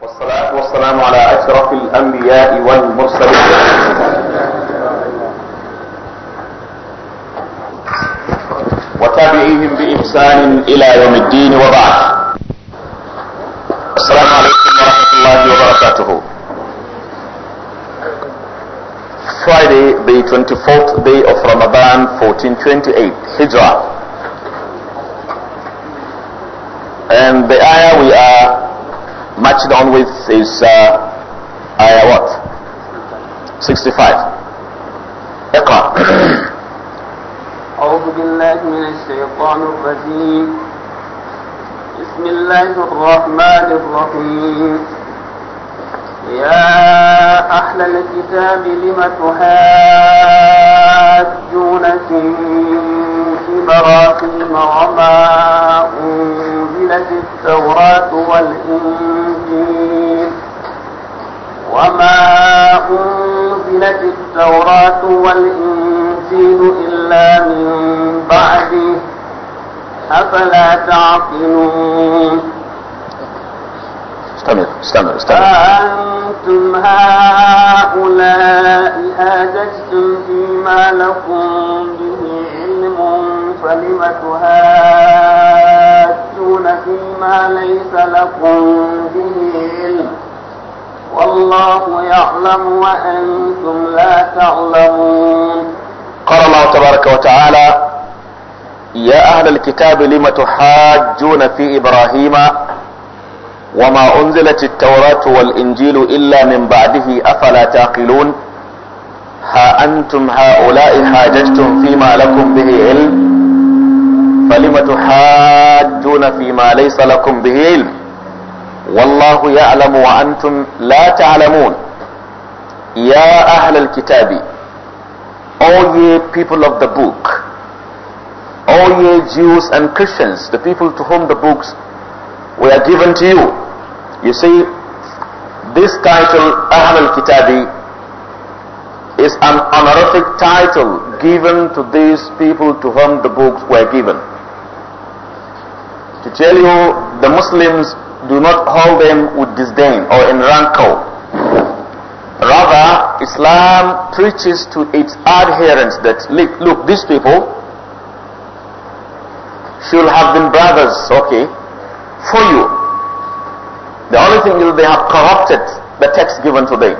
والصلاة والسلام على أشرف الأنبياء والمرسلين وتابعيهم بإحسان إلى يوم الدين وبعد السلام عليكم ورحمة الله وبركاته Friday, the 24th day of Ramadan, 1428, Hijrah. matched on with is uh, ayah what? 65 اقرأ أعوذ بالله من الشيطان الرجيم بسم الله الرحمن الرحيم يا أهل الكتاب لم تحاد يمجون في إبراهيم وما أنزلت التوراة والإنجيل وما أنزلت التوراة والإنجيل إلا من بعده أفلا تعقلون استمر استمر استمر أنتم هؤلاء أجزتم فيما لكم به علم فلم تهاجون فيما ليس لكم به علم والله يعلم وأنتم لا تعلمون قال الله تبارك وتعالى يا أهل الكتاب لم تحاجون في إبراهيم وما أنزلت التوراة والإنجيل إلا من بعده أفلا تعقلون ها أنتم هؤلاء حاججتم فيما لكم به علم فلم تحاجون فيما ليس لكم به علم والله يعلم وأنتم لا تعلمون يا أهل الكتاب all ye people of the book all ye Jews and Christians the people to whom the books We are given to you. You see, this title, Ahl al-Kitabi, is an honorific title given to these people to whom the books were given. To tell you, the Muslims do not hold them with disdain or in rancor. Rather, Islam preaches to its adherents that, look, these people should have been brothers, okay, for you. The only thing is they have corrupted the text given to them.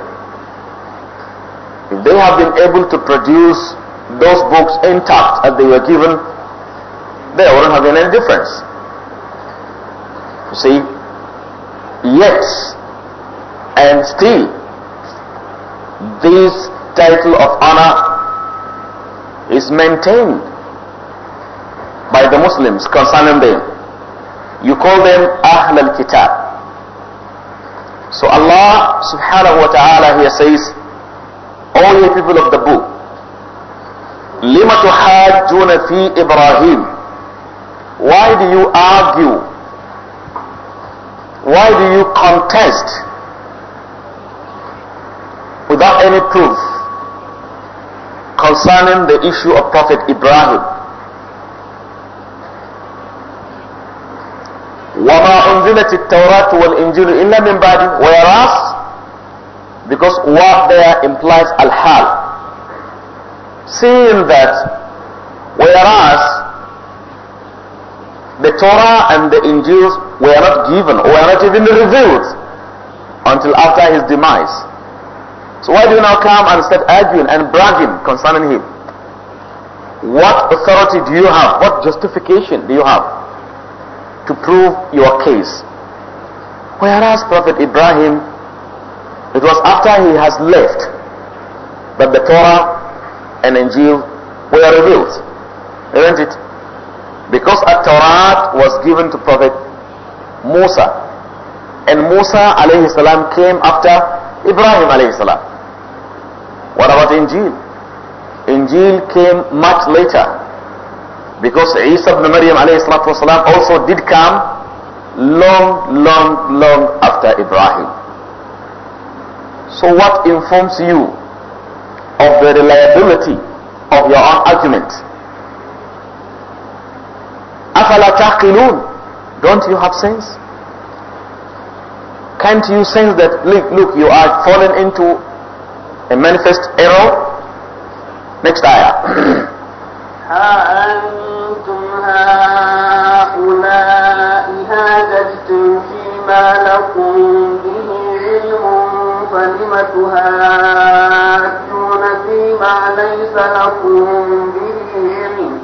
If they have been able to produce those books intact as they were given, there wouldn't have been any difference. You see? Yet, and still, this title of honor is maintained by the Muslims concerning them. You call them Ahl al-Kitab. So Allah subhanahu wa ta'ala here says, all ye people of the book, Lima tuhajjuna fi Ibrahim Why do you argue? Why do you contest without any proof concerning the issue of Prophet Ibrahim? وما أنزلت التوراة والإنجيل إلا من بعده whereas because what there implies al-hal seeing that whereas the Torah and the Injils were not given or were not even revealed until after his demise so why do you now come and start arguing and bragging concerning him what authority do you have what justification do you have to prove your case. Whereas Prophet Ibrahim, it was after he has left that the Torah and Injil were revealed. Isn't it? Because a Torah was given to Prophet Musa. And Musa alayhi salam came after Ibrahim alayhi salam. What about Injil? Injil came much later because Isa ibn Maryam والسلام, also did come long, long, long after Ibrahim. So what informs you of the reliability of your own argument? أَفَلَا تَعْقِلُونَ Don't you have sense? Can't you sense that, look, look, you are fallen into a manifest error? Next ayah. هؤلاء هذا الدين فيما لكم به علم فلم تهاجون فيما ليس لكم به علم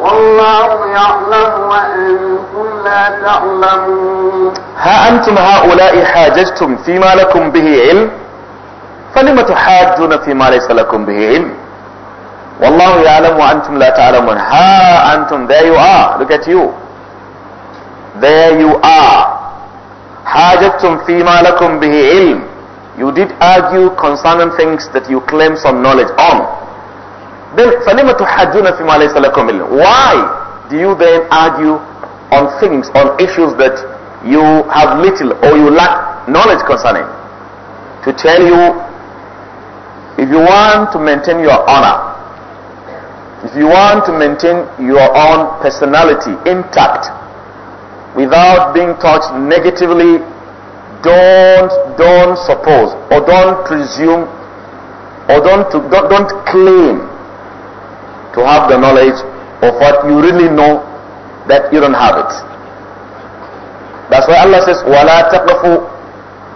والله يعلم وأنتم لا تعلمون ها أنتم هؤلاء حاججتم فيما لكم به علم فلم تحاجون فيما ليس لكم به علم Wallahu ya'lamu antum la ta'lamun. Ha antum, there you are. Look at you. There you are. Hajattum fima lakum bihi ilm. You did argue concerning things that you claim some knowledge on. Then فَلِمَ تُحَجُّونَ فِمَا لَيْسَ لَكُمْ إِلْمٌ Why do you then argue on things, on issues that you have little or you lack knowledge concerning? To tell you, if you want to maintain your honor, if you want to maintain your own personality intact without being touched negatively, don't don't suppose or don't presume or don't don't, don't claim to have the knowledge of what you really know that you don't have it. That's why Allah says, وَلَا تَقْفُوا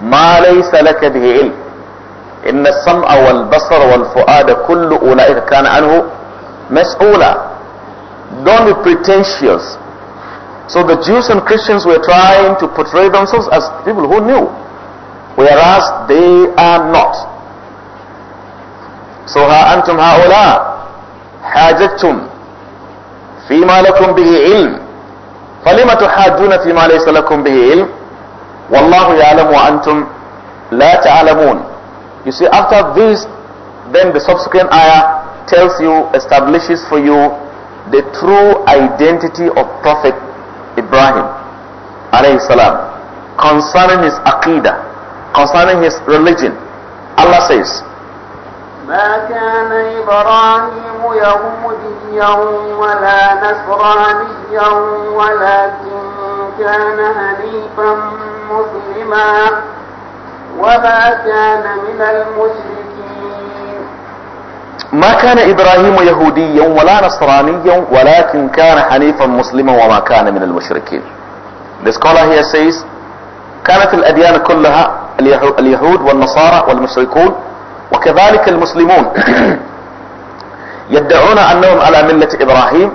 ما ليس لك به إن السمع والبصر والفؤاد كل أولئك كان عنه Mas'ula. Don't be pretentious. So the Jews and Christians were trying to portray themselves as people who knew, whereas they are not. So antum أنتم هؤلاء حاججتم فيما لكم به علم فلم تحاجون فيما ليس لكم به علم والله يعلم وأنتم لا تعلمون You see after this then the subsequent ayah tells you, establishes for you the true identity of Prophet Ibrahim salam concerning his aqidah, concerning his religion. Allah says, ما كان إبراهيم يهوديا ولا نصرانيا ولكن كان حنيفا مسلما وما كان من المشركين ما كان إبراهيم يهوديا ولا نصرانيا ولكن كان حنيفا مسلما وما كان من المشركين The scholar here says كانت الأديان كلها اليهود والنصارى والمشركون وكذلك المسلمون يدعون أنهم على ملة إبراهيم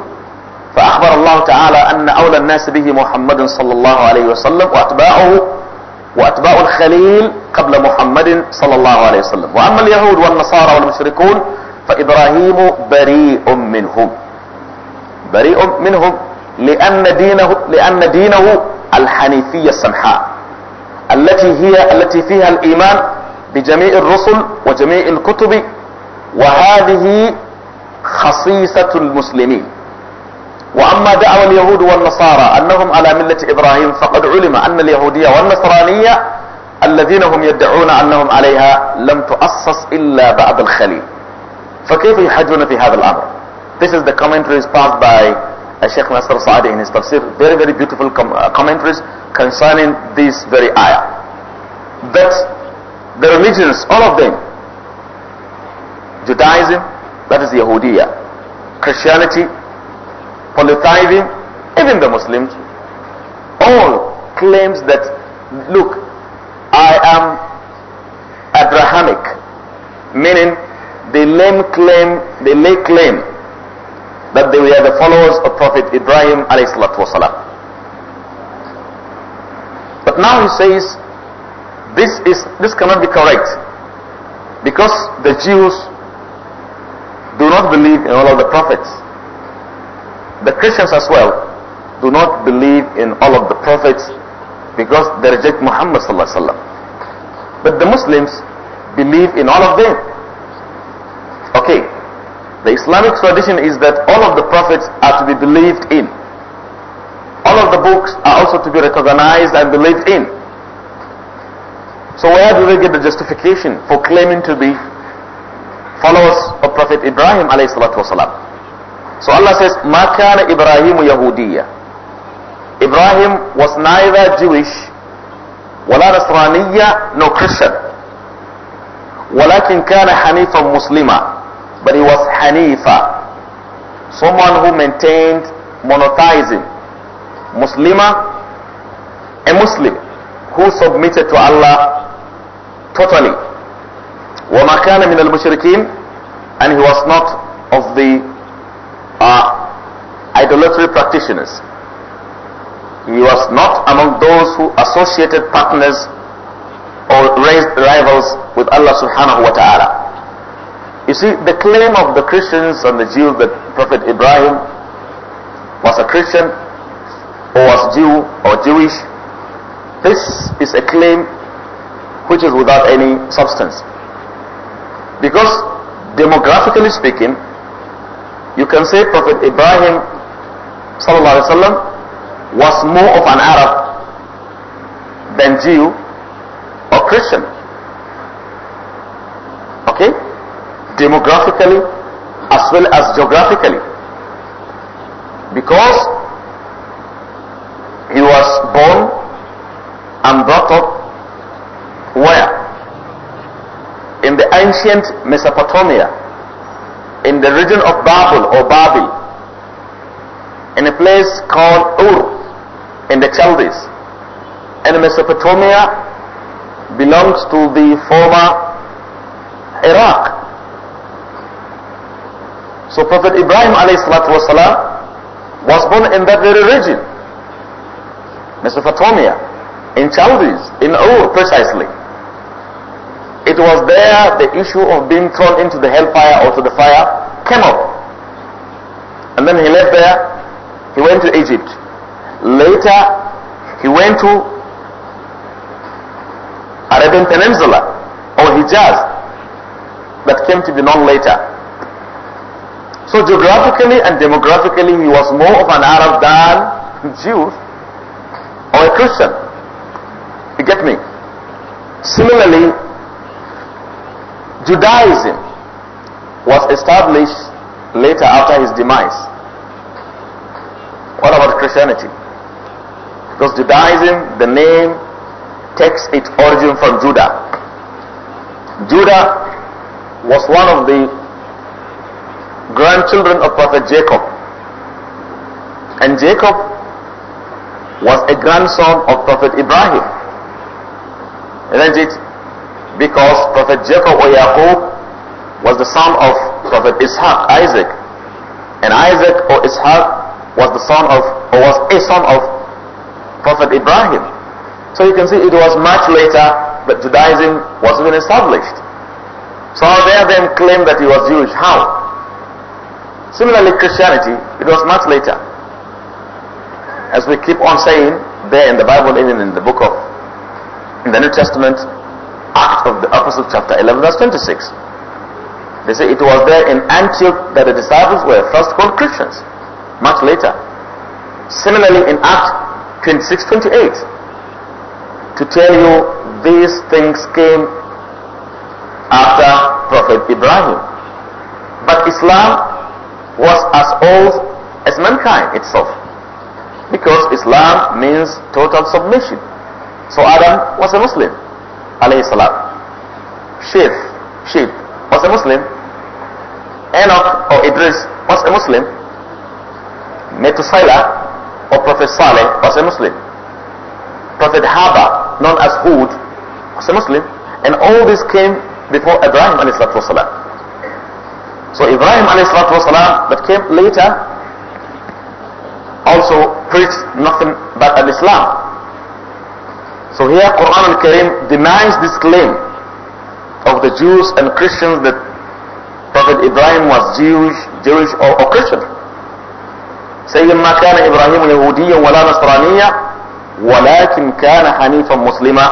فأخبر الله تعالى أن أولى الناس به محمد صلى الله عليه وسلم وأتباعه وأتباع الخليل قبل محمد صلى الله عليه وسلم وأما اليهود والنصارى والمشركون فابراهيم بريء منهم بريء منهم لان دينه لان دينه الحنيفيه السمحاء التي هي التي فيها الايمان بجميع الرسل وجميع الكتب وهذه خصيصه المسلمين واما دعوى اليهود والنصارى انهم على مله ابراهيم فقد علم ان اليهوديه والنصرانيه الذين هم يدعون انهم عليها لم تؤسس الا بعد الخليل فكيف يحجون في هذا الأمر This is the commentaries passed by uh, Sheikh Nasr Saadi in his tafsir very very beautiful com uh, commentaries concerning this very ayah that the religions all of them Judaism that is Yahudiya Christianity polytheism even the Muslims all claims that look I am Abrahamic meaning they name claim, they lay claim that they were the followers of Prophet Ibrahim alayhi wasalam. But now he says, this is, this cannot be correct because the Jews do not believe in all of the prophets. The Christians as well do not believe in all of the prophets because they reject Muhammad But the Muslims believe in all of them. Okay, the Islamic tradition is that all of the prophets are to be believed in. All of the books are also to be recognized and believed in. So where do they get the justification for claiming to be followers of Prophet Ibrahim alayhi salatu wasalam? So Allah says, مَا كَانَ إِبْرَاهِيمُ Ibrahim was neither Jewish, ولا نصرانية, nor Christian. ولكن كان حنيفا مسلما but he was Hanifa, someone who maintained monotheism, Muslima, a Muslim who submitted to Allah totally. And he was not of the uh, idolatry practitioners. He was not among those who associated partners or raised rivals with Allah subhanahu wa ta'ala. You see, the claim of the Christians and the Jews that Prophet Ibrahim was a Christian or was Jew or Jewish, this is a claim which is without any substance. Because demographically speaking, you can say Prophet Ibrahim وسلم, was more of an Arab than Jew or Christian. demographically as well as geographically because he was born and brought up where in the ancient mesopotamia in the region of babel or Babyl, in a place called ur in the chaldees and mesopotamia belongs to the former iraq so Prophet Ibrahim والسلام, was born in that very region, Mesopotamia, in Chaldees, in Ur precisely. It was there the issue of being thrown into the hellfire or to the fire came up. And then he left there, he went to Egypt. Later, he went to Arabian Peninsula or Hijaz that came to be known later. So geographically and demographically he was more of an Arab than Jew or a Christian. You get me? Similarly, Judaism was established later after his demise. What about Christianity? Because Judaism, the name takes its origin from Judah. Judah was one of the grandchildren of Prophet Jacob. And Jacob was a grandson of Prophet Ibrahim. Isn't it? Because Prophet Jacob or Yaqub was the son of Prophet Ishaq, Isaac. And Isaac or Ishaq was the son of, or was a son of Prophet Ibrahim. So you can see it was much later that Judaism was even established. So they then claim that he was Jewish. How? Similarly, Christianity, it was much later. As we keep on saying, there in the Bible, even in the book of in the New Testament, Act of the Apostles, chapter 11, verse 26. They say it was there in Antioch that the disciples were first called Christians, much later. Similarly, in Act 26, 28, to tell you these things came after Prophet Ibrahim. But Islam was as old as mankind itself. Because Islam means total submission. So Adam was a Muslim, alayhi salam. Sheep, sheep was a Muslim. Enoch or Idris was a Muslim. Metusela or Prophet Saleh was a Muslim. Prophet Haba, known as Hud, was a Muslim. And all this came before Ibrahim alayhi salatu wasalam. So Ibrahim والسلام, that came later also preached nothing but al-Islam. So here Quran al-Karim denies this claim of the Jews and Christians that Prophet Ibrahim was Jewish, Jewish or, or Christian. saying Ibrahim كان إبراهيم يهوديا ولا نصرانيا ولكن كان حنيفا مسلما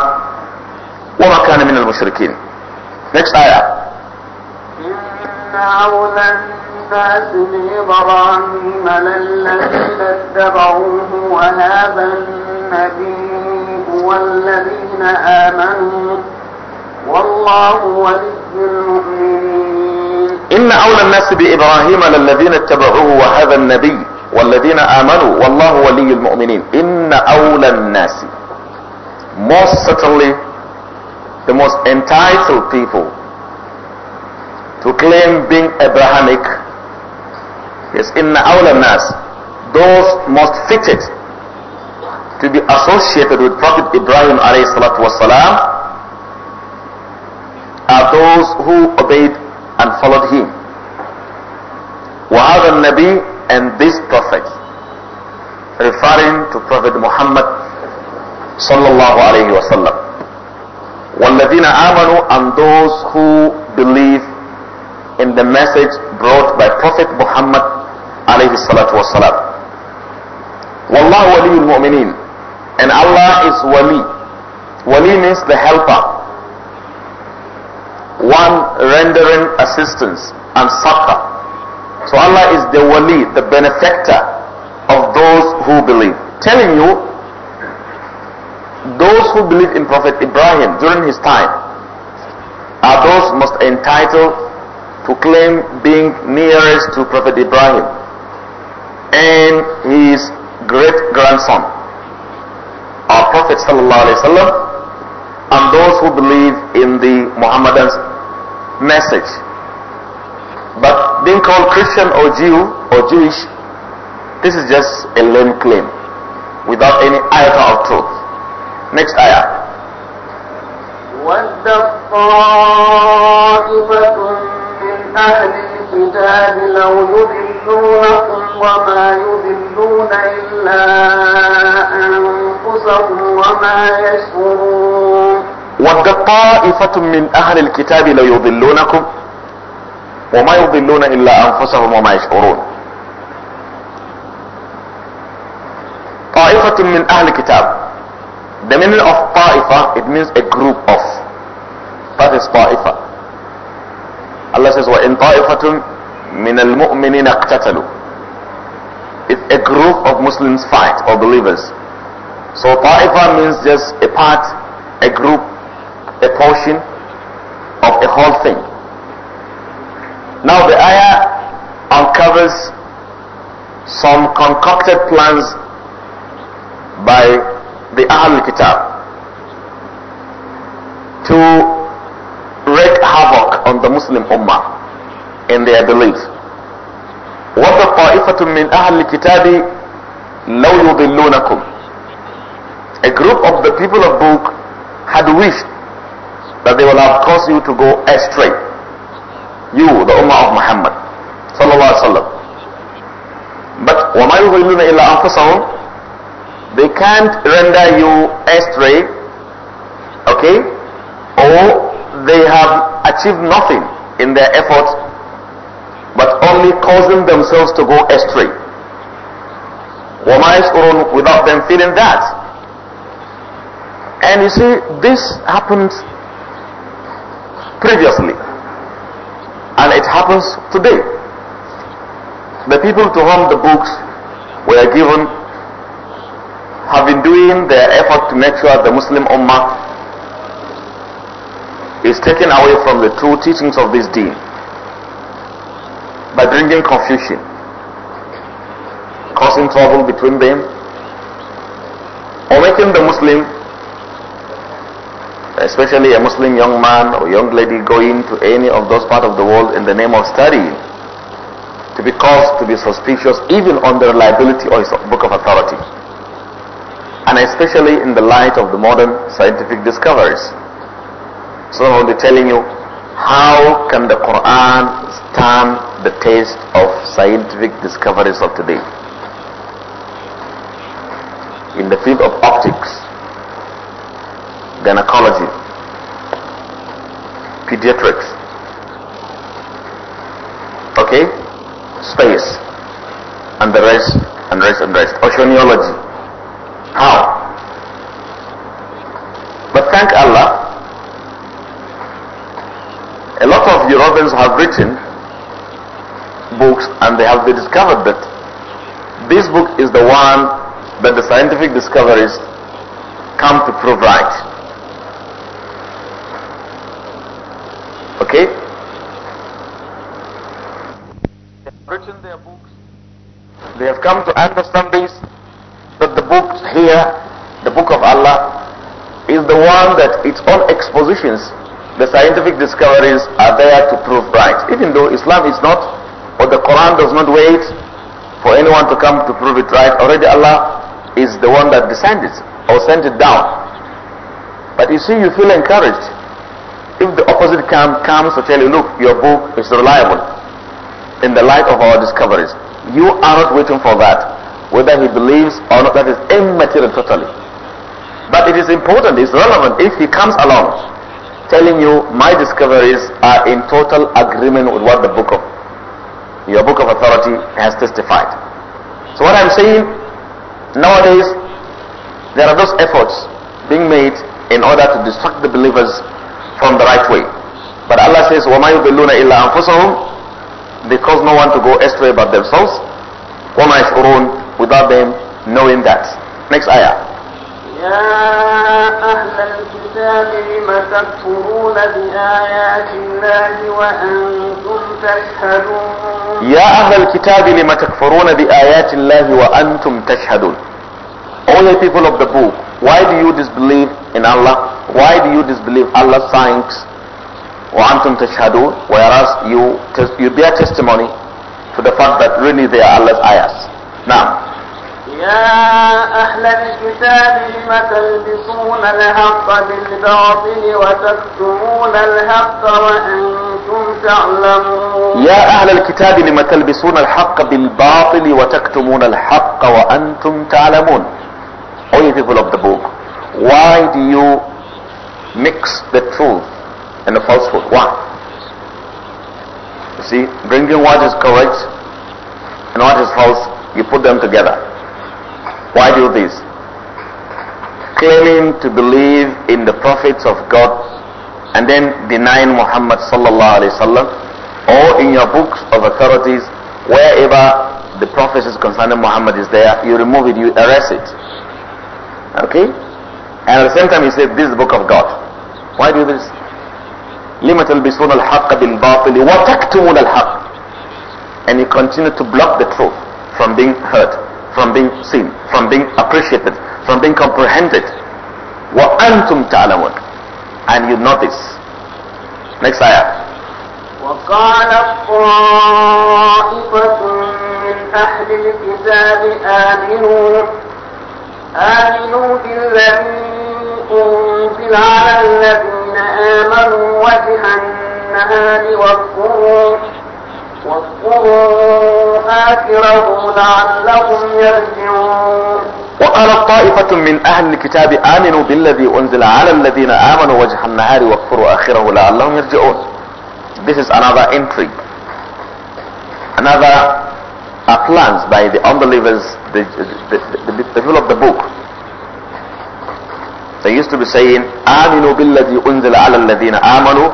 وما كان من المشركين. Next ayah. أولى الناس بإبراهيم للذين اتبعوه وهذا النبي والذين آمنوا والله ولي المؤمنين إن أولى الناس بإبراهيم للذين اتبعوه وهذا النبي والذين آمنوا والله ولي المؤمنين إن أولى الناس most certainly the most entitled people to claim being Abrahamic is in the nas those most fitted to be associated with Prophet Ibrahim alayhi salatu wasalam are those who obeyed and followed him. وهذا Nabi and this prophet referring to Prophet Muhammad sallallahu alayhi wasallam. وَالَّذِينَ آمَنُوا and those who believe in the message brought by Prophet Muhammad alayhi salatu wasalam. Wallahu mu'mineen. And Allah is wali. Wali means the helper. One rendering assistance and succor. So Allah is the wali, the benefactor of those who believe. Telling you, those who believe in Prophet Ibrahim during his time are those most entitled to claim being nearest to Prophet Ibrahim and his great grandson, our Prophet وسلم, and those who believe in the Muhammadan's message. But being called Christian or Jew or Jewish, this is just a lame claim without any iota of truth. Next ayah. أهل الكتاب لو يذلونكم وما يذلون إلا أنفسهم وما يشعرون ود طائفة من أهل الكتاب لو يضلونكم وما يضلون إلا أنفسهم وما يشعرون طائفة من أهل الكتاب The meaning of طائفة it means a group of That is طائفة Allah says, وَإِنْ طَائِفَةٌ مِنَ الْمُؤْمِنِينَ اقْتَتَلُوا If a group of Muslims fight or believers. So ta'ifa means just a part, a group, a portion of a whole thing. Now the ayah uncovers some concocted plans by the Ahlul Kitab to Muslim Ummah in their beliefs. what the مِّنْ A group of the people of book had wished that they will have caused you to go astray. You, the Ummah of Muhammad sallallahu alaihi wasallam. But they can't render you astray okay or they have achieved nothing in their efforts, but only causing themselves to go astray. without them feeling that. And you see, this happened previously. And it happens today. The people to whom the books were given have been doing their effort to make sure the Muslim Ummah is taken away from the true teachings of this deen by bringing confusion, causing trouble between them, or making the Muslim, especially a Muslim young man or young lady, going to any of those parts of the world in the name of study to be caused to be suspicious even on the reliability of his book of authority and especially in the light of the modern scientific discoveries. Someone will be telling you, how can the Quran stand the test of scientific discoveries of today? In the field of optics, gynecology, pediatrics, okay, space, and the rest, and rest, and rest, oceanology. How? But thank Allah a lot of Europeans have written books and they have discovered that this book is the one that the scientific discoveries come to prove right. Okay? They have written their books. They have come to understand this, that the book here, the book of Allah, is the one that its own expositions the scientific discoveries are there to prove right. Even though Islam is not, or the Quran does not wait for anyone to come to prove it right. Already Allah is the one that descended or sent it down. But you see, you feel encouraged. If the opposite camp comes to tell you, look, your book is reliable in the light of our discoveries, you are not waiting for that. Whether he believes or not, that is immaterial totally. But it is important, it's relevant if he comes along telling you my discoveries are in total agreement with what the book of your book of authority has testified. So what I'm saying nowadays there are those efforts being made in order to distract the believers from the right way. But Allah says, وَمَا يُضِلُّونَ إِلَّا أَنفُسَهُم They cause no one to go astray but themselves. is يَشْعُرُونَ Without them knowing that. Next ayah. الكتاب لم تكفرون بآيات الله وأنتم تشهدون يا أهل الكتاب لم تكفرون بآيات الله وأنتم تشهدون All the people of the book, why do you disbelieve in Allah? Why do you disbelieve Allah's signs? وأنتم تشهدون Whereas you, you bear testimony to the fact that really they are Allah's ayahs. Now, يا أهل الكتاب لم تلبسون الحق بالباطل وتكتمون الحق وأنتم تعلمون يا أهل الكتاب لم تلبسون الحق بالباطل وتكتمون الحق وأنتم تعلمون All you people of the book, why do you mix the truth and the falsehood? Why? You see, bringing what is correct and what is false, you put them together. Why do this? Claiming to believe in the prophets of God and then denying Muhammad sallallahu alaihi wasallam or in your books of authorities wherever the prophecies concerning Muhammad is there, you remove it, you erase it. Okay? And at the same time, you say, this is the book of God. Why do this? لِمَ تَلْبِسُونَ الْحَقَّ بِالْبَاطِلِ وَتَكْتُمُونَ الْحَقِّ And you continue to block the truth from being heard from being seen, from being appreciated, from being comprehended. Wa antum And you know this. Next ayah. وقال طائفة آخرهم لعلهم يرجعون وقال طائفة من أهل الكتاب آمنوا بالذي أنزل على الذين آمنوا وجه النهار واكفروا آخره لعلهم يرجعون This is another intrigue Another a plans by the unbelievers, the, the, the, the, the people of the book. They used to be saying, آمنوا بالذي أنزل على الذين آمنوا.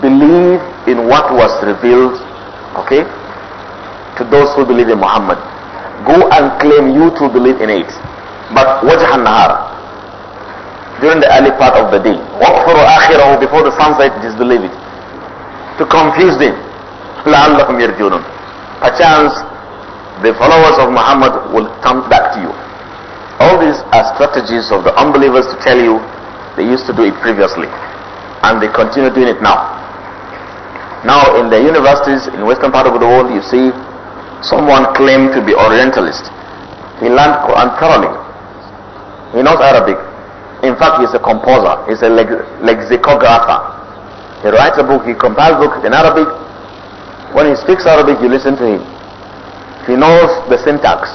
Believe in what was revealed, okay, to those who believe in Muhammad. Go and claim you to believe in it. But wajhan nahar. During the early part of the day. Waqfuru akhirahu before the sunset disbelieve it. To confuse them. لَعَلَّهُمْ a Perchance the followers of Muhammad will come back to you. All these are strategies of the unbelievers to tell you they used to do it previously and they continue doing it now. Now in the universities in western part of the world you see Someone claimed to be Orientalist. He learned Quran thoroughly. He knows Arabic. In fact, he's a composer. He's a lex lexicographer. He writes a book. He compiles books in Arabic. When he speaks Arabic, you listen to him. He knows the syntax.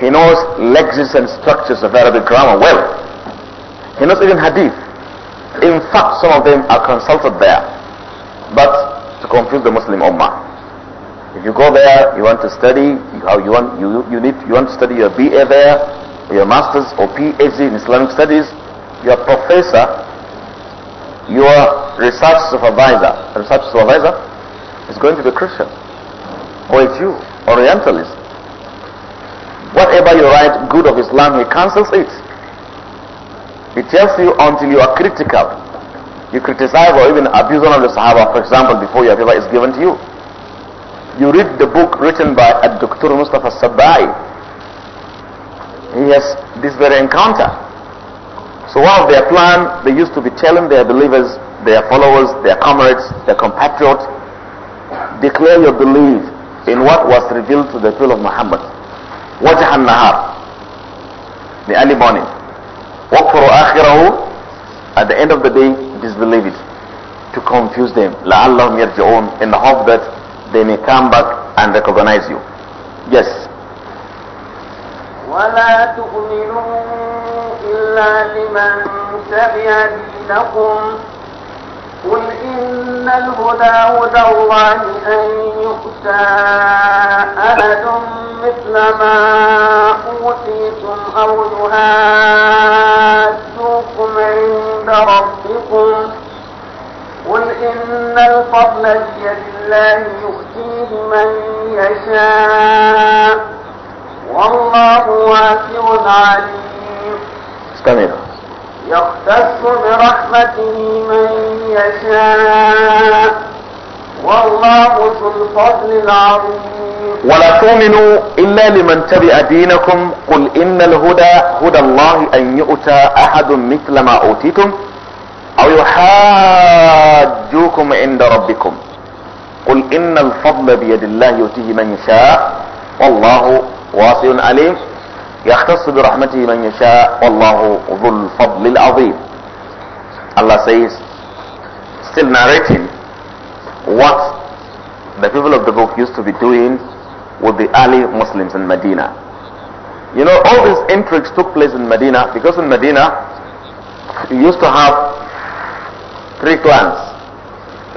He knows lexics and structures of Arabic grammar well. He knows even hadith. In fact, some of them are consulted there. But to confuse the Muslim Ummah. If you go there, you want to study, how you want you you need you want to study your BA there, your masters or PhD in Islamic studies, your professor, your research supervisor, research supervisor is going to be Christian or a Jew, Orientalist. Whatever you write good of Islam, he cancels it. He tells you until you are critical. You criticize or even abuse one of the Sahaba, for example, before your paper is given to you. You read the book written by Dr. Mustafa Sabai. He has this very encounter. So while their plan, they used to be telling their believers, their followers, their comrades, their compatriots, declare your belief in what was revealed to the people of Muhammad. وجه النهار the early morning وَقْفُرُوا آخِرَهُ at the end of the day disbelieve it to confuse them لَعَلَّهُمْ يَرْجِعُونَ in the hope that they may come back and recognize you. Yes. ولا تؤمنوا إلا لمن تبع دينكم قل إن الهدى هدى الله أن يؤتى أحد مثل ما أوتيتم أو يهادوكم عند ربكم قل إن الفضل بيد الله يؤتيه من يشاء والله واسع عليم يختص برحمته من يشاء والله ذو الفضل العظيم ولا تؤمنوا إلا لمن تبع دينكم قل إن الهدى هدى الله أن يؤتى أحد مثل ما أوتيتم او يحاجوكم عند ربكم قل ان الفضل بيد الله يؤتيه من يشاء والله واسع عليم يختص برحمته من يشاء والله ذو الفضل العظيم Allah says still narrating what the people of the book used to be doing with the early Muslims in Medina you know all these intrigues took place in Medina because in Medina you used to have Three clans,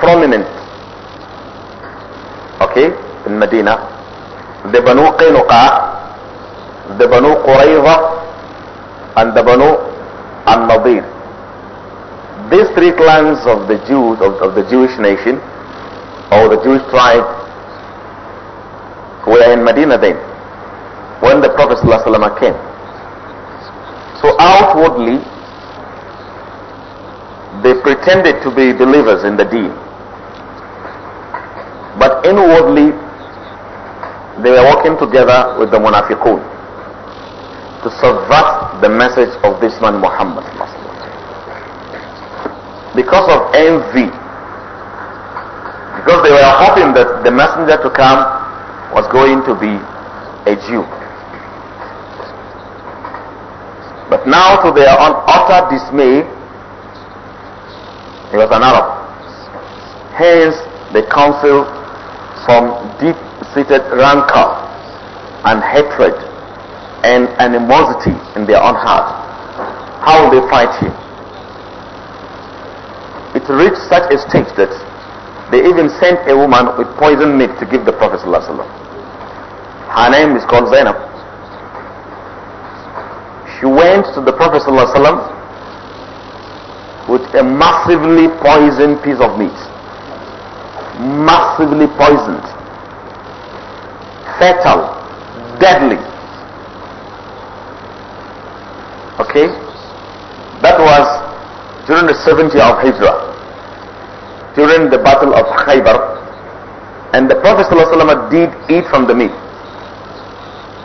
prominent. Okay, in Medina, the Banu Qaynuqa, the Banu Qurayza, and the Banu An-Nadir. These three clans of the Jews, of, of the Jewish nation, or the Jewish tribe, were in Medina then, when the Prophet ﷺ came. So outwardly, they pretended to be believers in the deen. But inwardly, they were working together with the munafiqun to subvert the message of this man Muhammad. Because of envy, because they were hoping that the messenger to come was going to be a Jew. But now to their utter dismay, he was an Arab. Hence, they counsel from deep-seated rancor and hatred and animosity in their own heart. How will they fight him? It reached such a stage that they even sent a woman with poisoned meat to give the Prophet ﷺ. Her name is called Zainab. She went to the Prophet ﷺ with a massively poisoned piece of meat. Massively poisoned. Fatal. Deadly. Okay? That was during the 70 of Hijrah. During the battle of Khaybar. And the Prophet ﷺ did eat from the meat.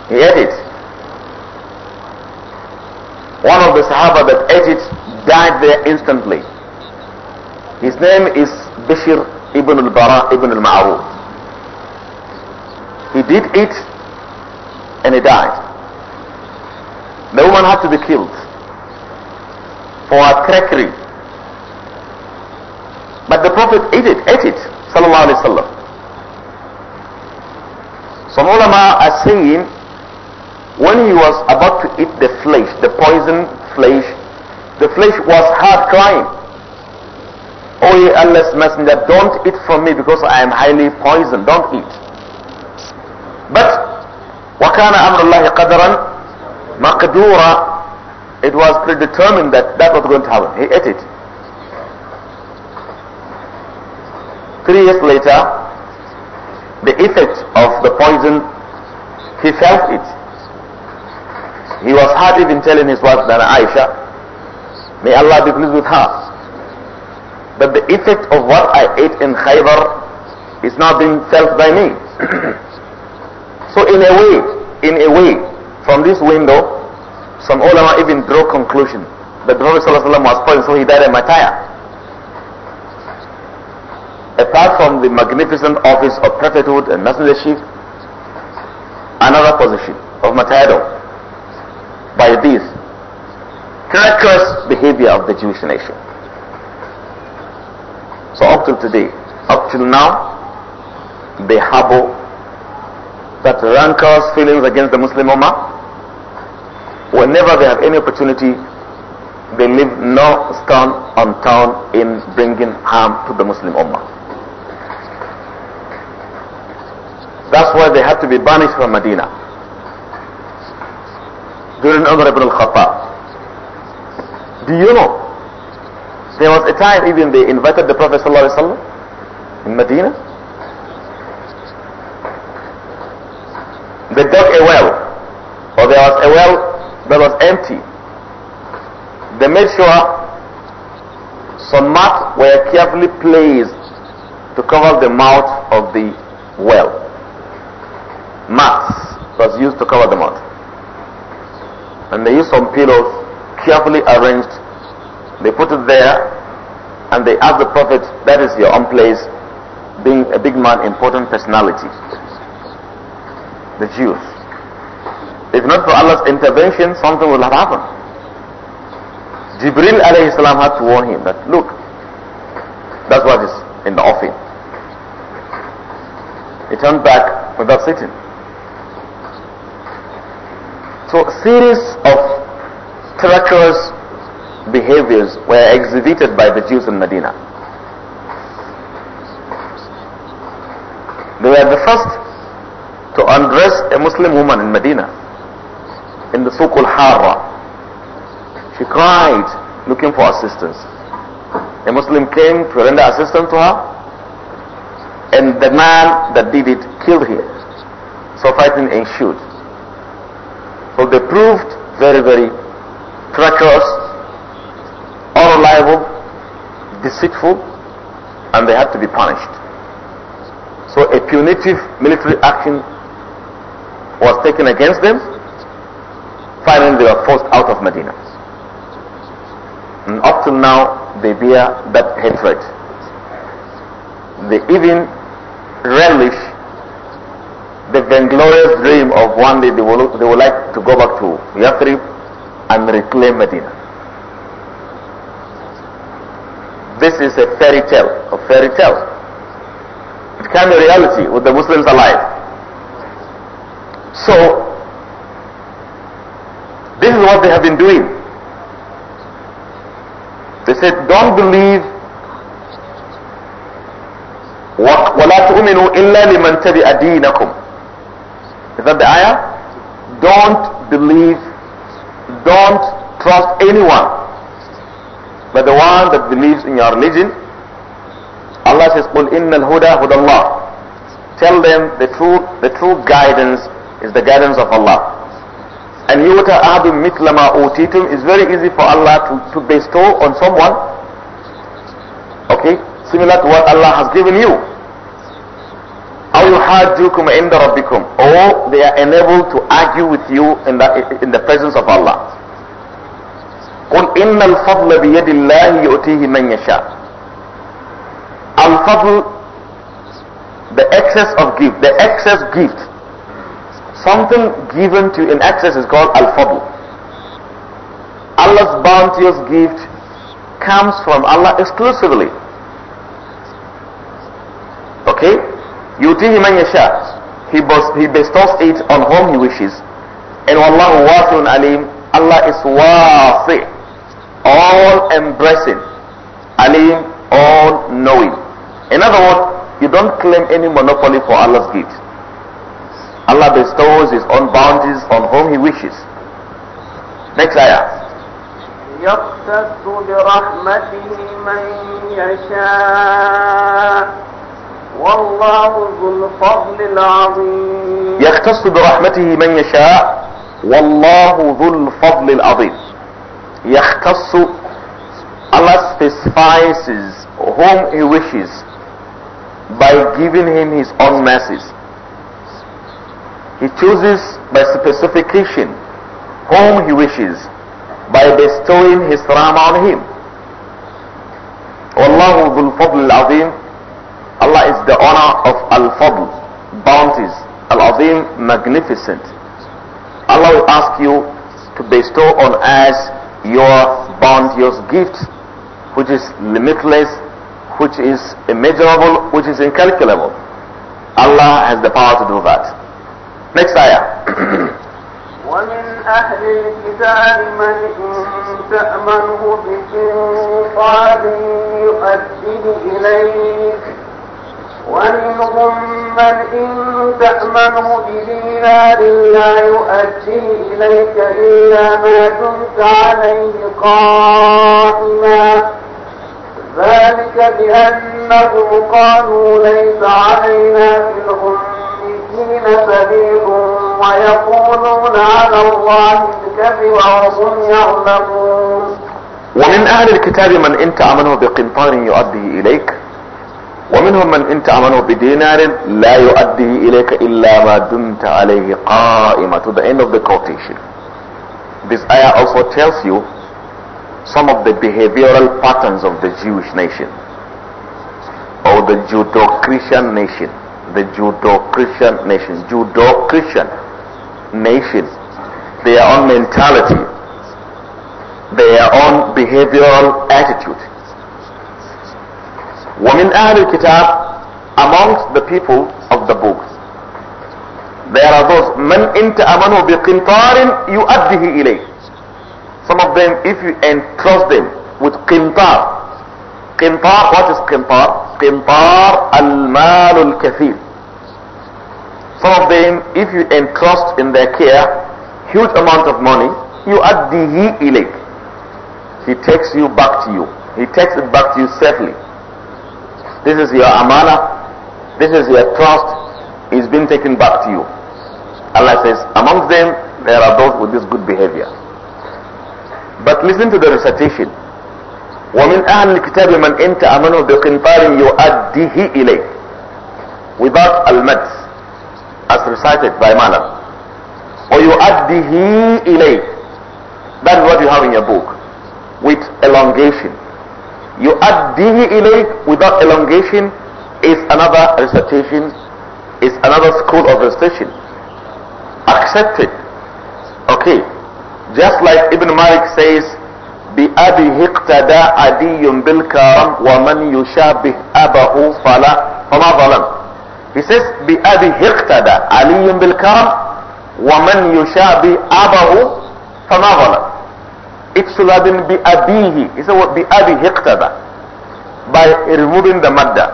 He ate it. One of the Sahaba that ate it died there instantly. His name is Bishr ibn al-Bara ibn al-Ma'ruf. He did it and he died. The woman had to be killed for her trickery. But the Prophet ate it, ate it, sallallahu alayhi wasallam. Some ulama are saying when he was about to eat the flesh, the poison flesh the flesh was hard crying. O oh, ye Allah's messenger, don't eat from me because I am highly poisoned. Don't eat. But وَكَانَ أَمْرُ اللَّهِ قَدْرًا مَقْدُورًا It was predetermined that that was going to happen. He ate it. Three years later, the effect of the poison, he felt it. He was hard even telling his wife, Nana Aisha, May Allah be pleased with her. But the effect of what I ate in Khaybar is not being felt by me. so in a way, in a way, from this window, some ulama even draw conclusion that the Prophet ﷺ was poisoned, so he died a martyr. Apart from the magnificent office of prophethood and messengership, another position of martyrdom by this treacherous behavior of the Jewish nation. So up till today, up till now, they harbor that rancorous feelings against the Muslim Ummah. Whenever they have any opportunity, they leave no stone unturned in bringing harm to the Muslim Ummah. That's why they had to be banished from Medina. During Umar ibn al-Khattab, do you know? There was a time even they invited the Prophet ﷺ in Medina. They dug a well, or there was a well that was empty. They made sure some mats were carefully placed to cover the mouth of the well. Mats was used to cover the mouth. And they used some pillows carefully arranged. They put it there and they asked the Prophet, that is your own place, being a big man, important personality. The Jews. If not for Allah's intervention, something will have happened. Jibril alayhi salam had to warn him that look, that's what is in the offing. He turned back without sitting. So series of treacherous behaviors were exhibited by the Jews in Medina. They were the first to undress a Muslim woman in Medina, in the so-called Harra. She cried, looking for assistance. A Muslim came to render assistance to her, and the man that did it killed her. So fighting ensued. So they proved very, very treacherous, unreliable, deceitful, and they had to be punished. So a punitive military action was taken against them. Finally, they were forced out of Medina. And up to now, they bear that hatred. They even relish the vainglorious dream of one day they would they like to go back to Yathrib and reclaim Medina. This is a fairy tale, a fairy tale. It can be reality with the Muslims alive. So, this is what they have been doing. They said, don't believe وَلَا تُؤْمِنُوا إِلَّا لِمَنْ تَبِعَ دِينَكُمْ Is that the ayah? Don't believe don't trust anyone but the one that believes in your religion. Allah says, قُلْ Innal Huda هُدَى Tell them the true, the true guidance is the guidance of Allah. And yuta ahadu mitla utitum is very easy for Allah to, to bestow on someone. Okay? Similar to what Allah has given you. أَوْحَاجُكُمْ عِنْدَ رَبِّكُمْ Or they are enabled to argue with you in the, in the presence of Allah. قُلْ إِنَّ الْفَضْلَ بِيَدِ اللَّهِ يُؤْتِيهِ مَنْ يَشَاءُ Al-Fadl, the excess of gift, the excess gift. Something given to you in excess is called Al-Fadl. Allah's bounteous gift comes from Allah exclusively. Okay? يُؤْتِيهِ مَنْ يَشَاءُ he, he bestows it on whom he wishes. And وَاللَّهُ وَاسِعٌ Allah is wasi, all embracing, all knowing. In other words, you don't claim any monopoly for Allah's gift. Allah bestows his own bounties on whom he wishes. Next ayah. يختص برحمته من يشاء والله ذو الفضل العظيم يختص برحمته من يشاء والله ذو الفضل العظيم يختص Allah specifies whom he wishes by giving him his own mercies. He chooses by specification whom he wishes by bestowing his rahmah on him. والله ذو الفضل العظيم Allah is the owner of Al-Fadl, bounties, Al-Azim, magnificent. Allah will ask you to bestow on us your bounteous gift, which is limitless, which is immeasurable, which is incalculable. Allah has the power to do that. Next ayah. ومن أهل الكتاب من إن تأمنه بقنطار إليك ومنهم من إن تأمنه بدينار لا يؤدي إليك إلا ما دمت عليه قائما ذلك بأنهم قالوا ليس علينا في الأميين سبيل ويقولون على الله الكذب وهم يعلمون ومن أهل الكتاب من إن تأمنه بقنطار يؤدي إليك ومنهم من إن تعمله بدينار لا يؤديه إليك إلا ما دمت عليه قائمة to the end of the quotation this ayah also tells you some of the behavioral patterns of the Jewish nation or the Judo-Christian nation the Judo-Christian nation Judo-Christian nation their own mentality their own behavioral attitude وَمِنْ أَهْلِ الْكِتَابِ Amongst the people of the books. There are those, مَنْ إِنْ تَأَمَنُوا بِقِنْطَارٍ يُؤَدِّهِ إِلَيْهِ Some of them, if you entrust them with qintar, qintar, what is qintar? Qintar al-malul Some of them, if you entrust in their care, huge amount of money, you addihi ilayk. He takes you back to you. He takes it back to you safely. This is your amana. This is your trust. It's been taken back to you. Allah says, amongst them, there are those with this good behavior. But listen to the recitation. ومن أهل الكتاب من أنت أمنه بقنطار يؤديه إليك without al as recited by Malam or إليك that is what you have in your book with elongation you add dihi without elongation is another recitation, is another school of recitation. Accepted. Okay. Just like Ibn Malik says, بأبي اقتدى عدي بالكرم ومن يشابه أبه فلا فما ظلم He says بأبي اقتدى علي بالكرم ومن يشابه أبه فما ظلم iqtiladin bi abihi he said bi abihi iqtada by removing the madda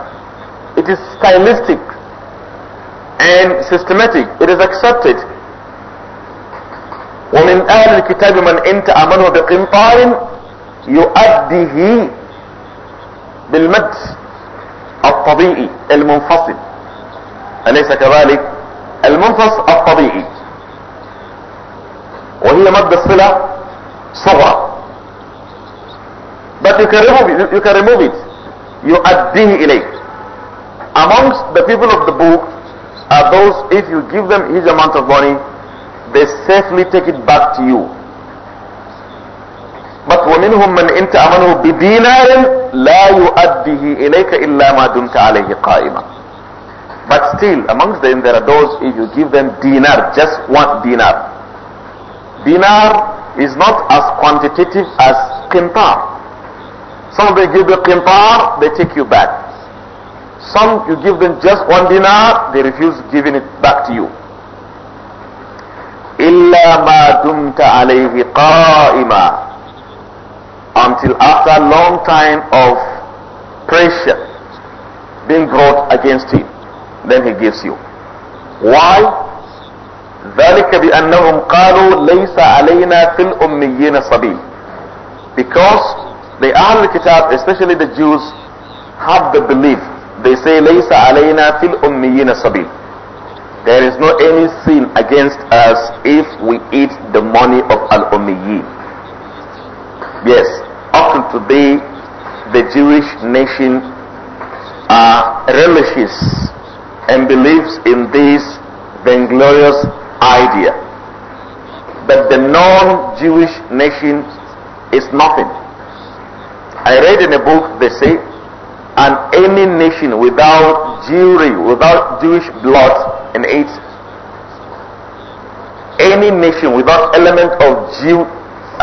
it is stylistic and systematic it is accepted ومن أهل الكتاب من أنت أمنه بقنطار يؤديه بالمد الطبيعي المنفصل أليس كذلك المنفصل الطبيعي وهي مد الصلة صغرى but you can remove it you can remove it you ilayk amongst the people of the book are those if you give them his amount of money they safely take it back to you but ومنهم من انت امنه بدينار لا يؤديه اليك الا ما دمت عليه قائما but still amongst them there are those if you give them dinar just one dinar Dinar is not as quantitative as qintar. Some they give you qintar, they take you back. Some you give them just one dinar, they refuse giving it back to you. Illa ما دمت عليه قائما until after a long time of pressure being brought against him then he gives you why ذلك بأنهم قالوا ليس علينا في الأميين because the Ahlul Kitab especially the Jews have the belief they say ليس علينا في الأميين there is no any sin against us if we eat the money of al-ummiyin yes often today the jewish nation uh, religious and believes in this vainglorious idea that the non-Jewish nation is nothing. I read in a book they say, and any nation without Jewry, without Jewish blood in it, any nation without element of Jew, uh,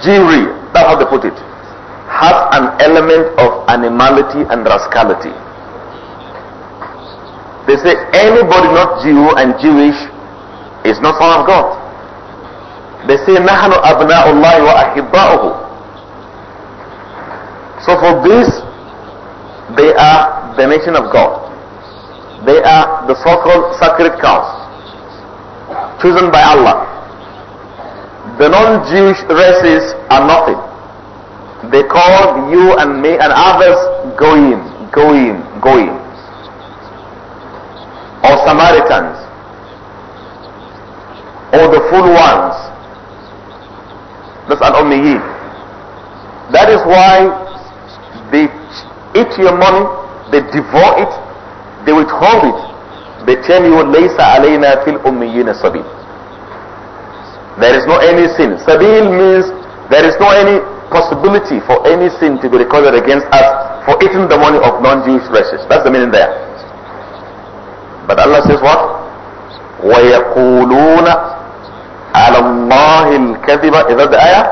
Jewry, that's how they put it, has an element of animality and rascality. They say anybody not Jew and Jewish is not son of God. They say, نَحْنُ أَبْنَاءُ اللَّهِ وَأَحِبَّاؤُهُ So for this, they are the nation of God. They are the so-called sacred cows, chosen by Allah. The non-Jewish races are nothing. They call you and me and others going, going, going. Or Samaritans, or the full ones. That's an ummiyin. That is why they eat your money, they devour it, they withhold it. They tell you, لَيْسَ alayna fil ummiyin سَبِيلٌ There is no any sin. Sabil means there is no any possibility for any sin to be recorded against us for eating the money of non-Jewish races. That's the meaning there. But Allah says what? وَيَقُولُونَ على الله الكذب is that the ayah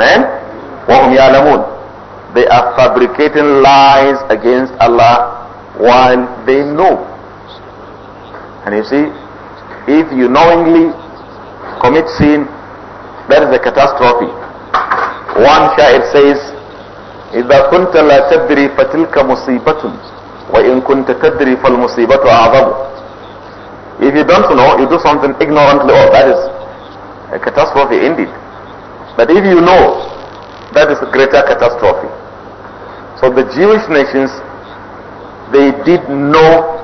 and وهم يعلمون they are fabricating lies against Allah while they know and you see if you knowingly commit sin that is a catastrophe one shair says إذا كنت لا تدري فتلك مصيبة وإن كنت تدري فالمصيبة أعظم If you don't know, you do something ignorantly, oh, that is a catastrophe indeed. But if you know, that is a greater catastrophe. So the Jewish nations, they did know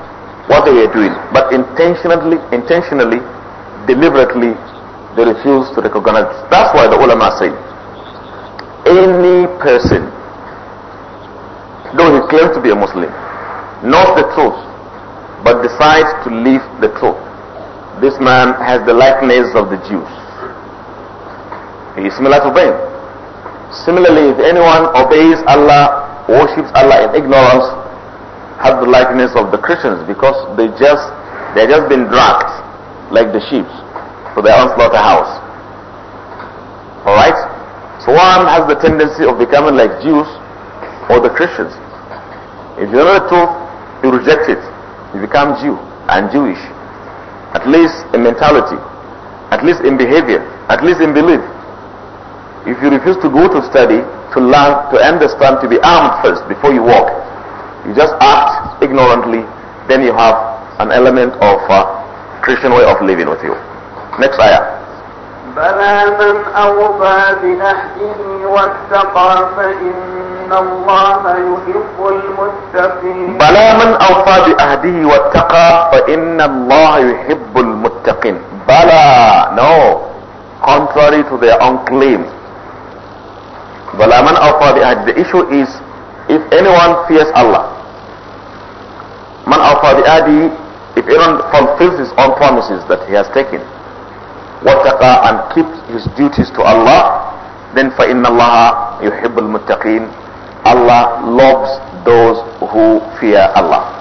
what they were doing, but intentionally, intentionally, deliberately, they refused to recognize. That's why the ulama say, any person, though he claims to be a Muslim, knows the truth, but decides to leave the truth. This man has the likeness of the Jews he is similar to them. Similarly, if anyone obeys Allah, worships Allah in ignorance, have the likeness of the Christians because they just they just been dragged like the sheep to their own slaughterhouse. Alright? So one has the tendency of becoming like Jews or the Christians. If you know the truth, you reject it. You become Jew and Jewish. At least in mentality, at least in behavior, at least in belief. If you refuse to go to study, to learn, to understand, to be armed first before you walk, you just act ignorantly, then you have an element of uh, Christian way of living with you. Next ayah. بلى من أوفى بنهجه واتقى فإن الله يحب المتقين بلى من أوفى بعهده واتقى فإن الله يحب المتقين بلى no contrary to their own claims Walaman awfa The issue is if anyone fears Allah. Man of bi'ahdi. If anyone fulfills his own promises that he has taken. Wattaqa and keeps his duties to Allah. Then inna Allah يُحِبُّ muttaqin, Allah loves those who fear Allah.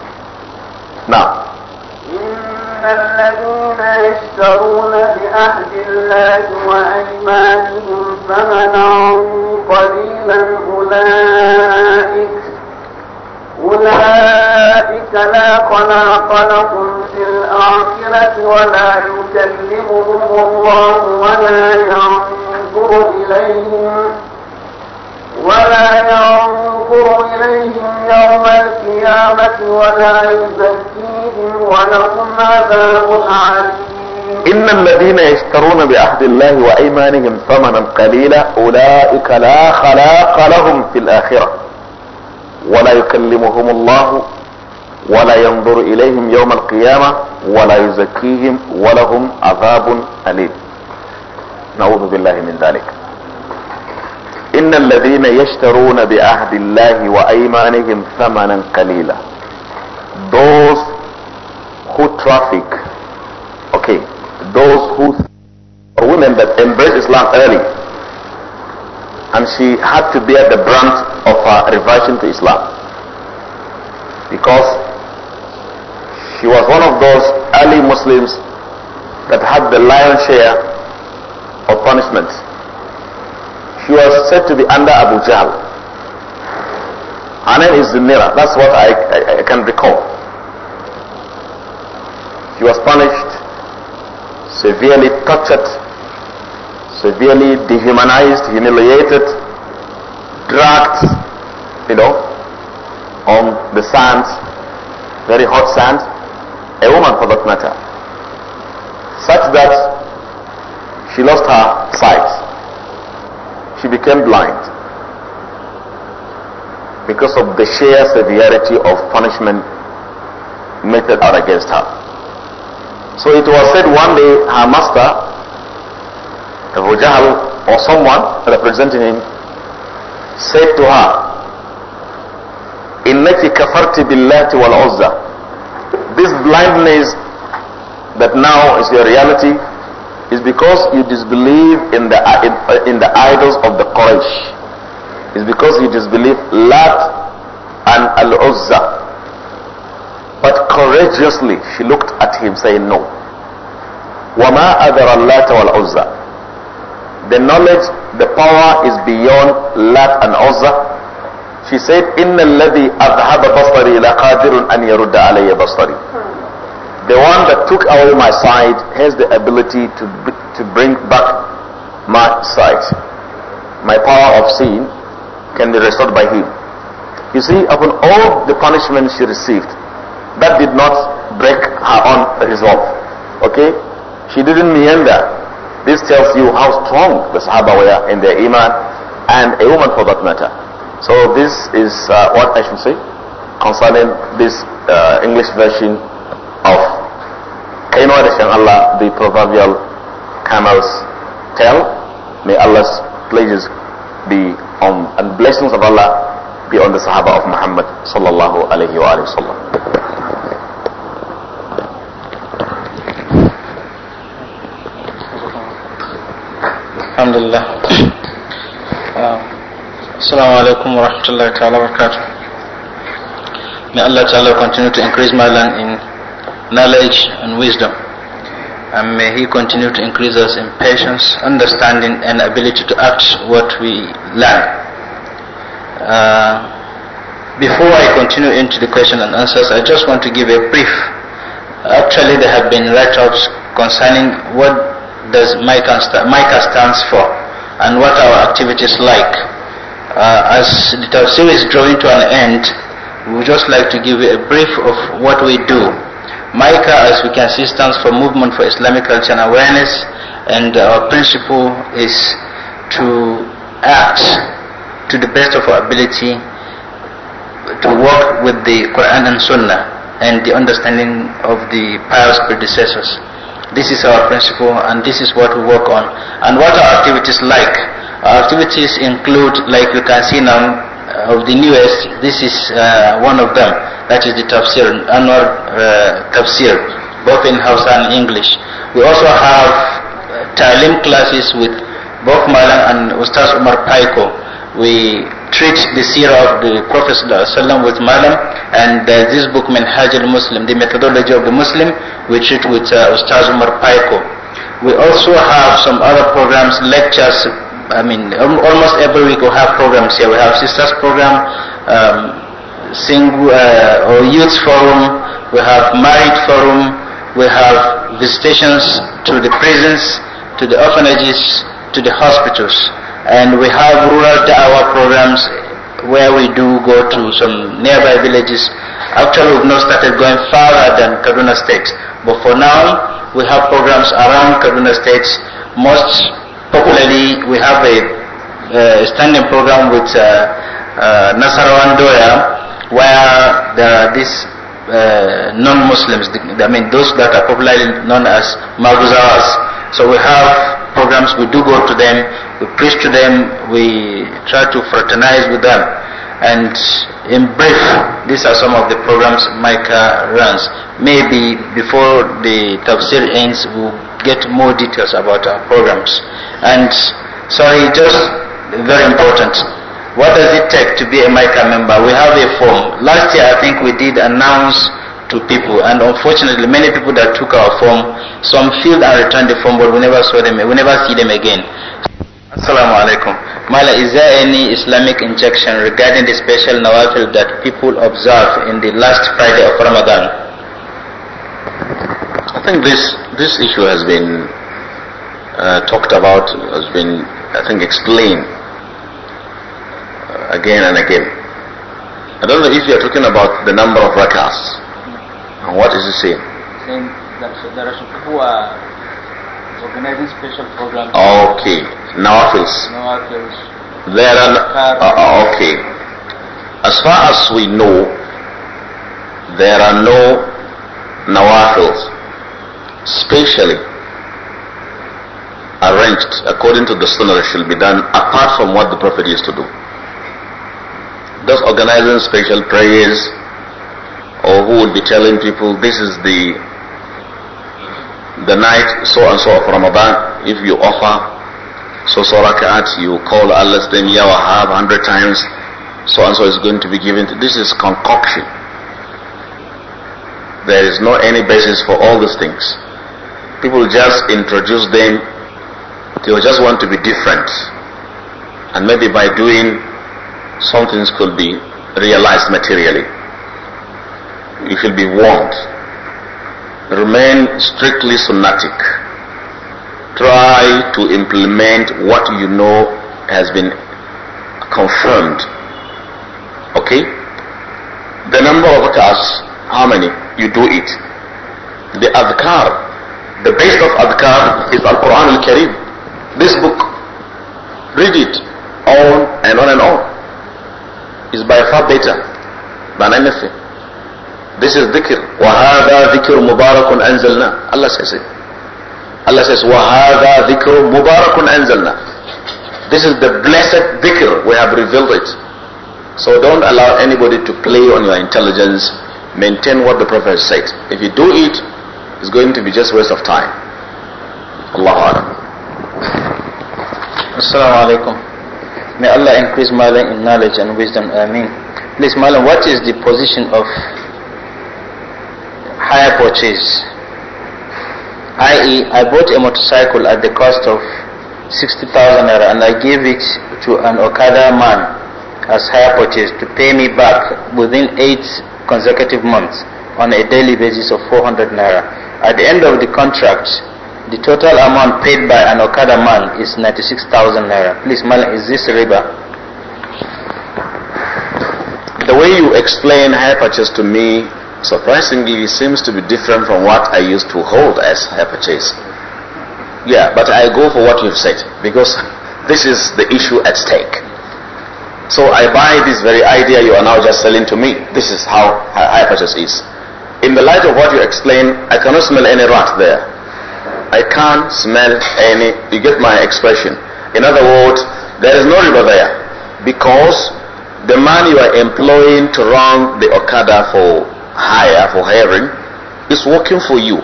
Now, فالذين يشترون بعهد الله وأيمانهم ثمنا قليلا أولئك أولئك لا خلاق لهم في الآخرة ولا يكلمهم الله ولا ينظر إليهم ولا ينظر إليهم يوم القيامة ولا يزكيهم ولهم عذاب عليم إن الذين يشترون بعهد الله وأيمانهم ثمنا قليلا أولئك لا خلاق لهم في الآخرة ولا يكلمهم الله ولا ينظر إليهم يوم القيامة ولا يزكيهم ولهم عذاب أليم نعوذ بالله من ذلك إن الذين يشترون بعهد الله وأيمانهم ثمنا قليلا those who traffic okay those who women that embraced Islam early and she had to bear the brunt of her reversion to Islam because she was one of those early Muslims that had the lion's share of punishments he was said to be under Abu Jahl. Her name is Zumira. That's what I, I, I can recall. He was punished, severely tortured, severely dehumanized, humiliated, dragged, you know, on the sand, very hot sand, a woman for that matter, such that she lost her sight she became blind because of the sheer severity of punishment meted out against her. So it was said one day her master, Abu Jahl, or someone representing him, said to her, إِنَّكِ كَفَرْتِ بِاللَّهِ وَالْعُزَّةِ This blindness that now is your reality is because you disbelieve in the, in, the idols of the Quraysh. It's because you disbelieve Lat and Al-Uzza. But courageously she looked at him saying no. وَمَا أَذَرَ اللَّاتَ وَالْعُزَّى The knowledge, the power is beyond Lat and Uzza. She said, إِنَّ الَّذِي أَذْهَبَ بَصَرِي لَقَادِرٌ أَنْ يَرُدَّ عَلَيَّ بَصَرِي the one that took away my sight has the ability to, to bring back my sight. My power of seeing can be restored by him. You see, upon all the punishment she received, that did not break her own resolve. Okay? She didn't meander. This tells you how strong the Sahaba were in their iman and a woman for that matter. So this is uh, what I should say concerning this uh, English version of kainuwa da shan Allah the proverbial camel's tail may Allah's pleasures be on and blessings of Allah be on the Sahaba of Muhammad sallallahu alaihi wasallam. Alhamdulillah. Uh, Assalamu alaikum wa rahmatullahi wa barakatuh. May Allah Ta'ala continue to increase my land in knowledge and wisdom. And may He continue to increase us in patience, understanding and ability to act what we learn. Uh, before I continue into the question and answers, I just want to give a brief. Actually, there have been write-ups concerning what does MICA, st MICA stands for and what our activities like. Uh, as the Tafsir is drawing to an end, we would just like to give you a brief of what we do Micah as we can see stands for Movement for Islamic Culture and Awareness and our principle is to act to the best of our ability to work with the Quran and Sunnah and the understanding of the pious predecessors. This is our principle and this is what we work on. And what are activities like? Our activities include, like you can see now, uh, of the newest, this is uh, one of them that is the tafsir, annual uh, tafsir, both in Hausa and English. We also have uh, ta'lim classes with both Malam and Ustaz Umar Paiko. We treat the seerah of the Prophet with Malam and uh, this book Minhaj al-Muslim, the methodology of the Muslim, we treat with uh, Ustaz Umar Paiko. We also have some other programs, lectures, I mean, almost every week we have programs here. We have sisters program, um, single uh, or youth forum, we have marriage forum, we have visitations to the prisons, to the orphanages, to the hospitals, and we have rural da'wah programs where we do go to some nearby villages. Actually, we've not started going farther than Kaduna State, but for now, we have programs around Kaduna State. Most popularly, we have a uh, standing program with uh, uh, Nasarawan Doya, where there are these uh, non-Muslims, I mean those that are popularly known as Maguzawas. So we have programs, we do go to them, we preach to them, we try to fraternize with them. And in brief, these are some of the programs Micah runs. Maybe before the tafsir ends, we'll get more details about our programs. And sorry, just very important. What does it take to be a MICA member? We have a form. Last year I think we did announce to people and unfortunately many people that took our form some filled and returned the form but we never saw them we never see them again assalamu alaikum mala is there any islamic injunction regarding the special nawafil that people observe in the last friday of ramadan i think this this issue has been uh, talked about has been i think explained again and again. I don't know if you are talking about the number of rakahs. And what is he saying? Saying that there are people who are organizing special programs. Okay, nawafils. Nawafils. There are uh, uh, okay. As far as we know, there are no nawafils specially arranged according to the sunnah that shall be done apart from what the prophet used to do those organizing special prayers or who would be telling people this is the the night so and so of Ramadan if you offer so so rak'at you call Allah's name Ya Wahab hundred times so and so is going to be given to this is concoction there is no any basis for all these things people just introduce them they just want to be different and maybe by doing some things could be realized materially. You should be warned. Remain strictly sunnatic. Try to implement what you know has been confirmed. Okay? The number of rakats, how many? You do it. The adhkar, the base of adhkar is Al Quran al Karim. This book. Read it on and on and on is by far better than anything. This is dhikr. وَهَذَا ذِكْرُ مُبَارَكٌ أَنزَلْنَا Allah says it. Allah says, وَهَذَا ذِكْرُ مُبَارَكٌ أَنزَلْنَا This is the blessed dhikr. We have revealed it. So don't allow anybody to play on your intelligence. Maintain what the Prophet said. If you do it, it's going to be just waste of time. Allah Alam. Assalamu alaikum. May Allah increase Marlon in knowledge and wisdom. Ameen. Please, Marlon, what is the position of hire purchase? I.e., I bought a motorcycle at the cost of 60,000 naira and I gave it to an Okada man as hire purchase to pay me back within eight consecutive months on a daily basis of 400 naira. At the end of the contract, the total amount paid by an Okada man is 96,000 naira. Please, man, is this riba? The way you explain hyperchase purchase to me, surprisingly, it seems to be different from what I used to hold as hyperchase. purchase. Yeah, but I go for what you've said because this is the issue at stake. So I buy this very idea you are now just selling to me. This is how hyperchase purchase is. In the light of what you explained, I cannot smell any rat there. I can't smell any. You get my expression. In other words, there is no river there because the man you are employing to run the Okada for hire, for hiring, is working for you.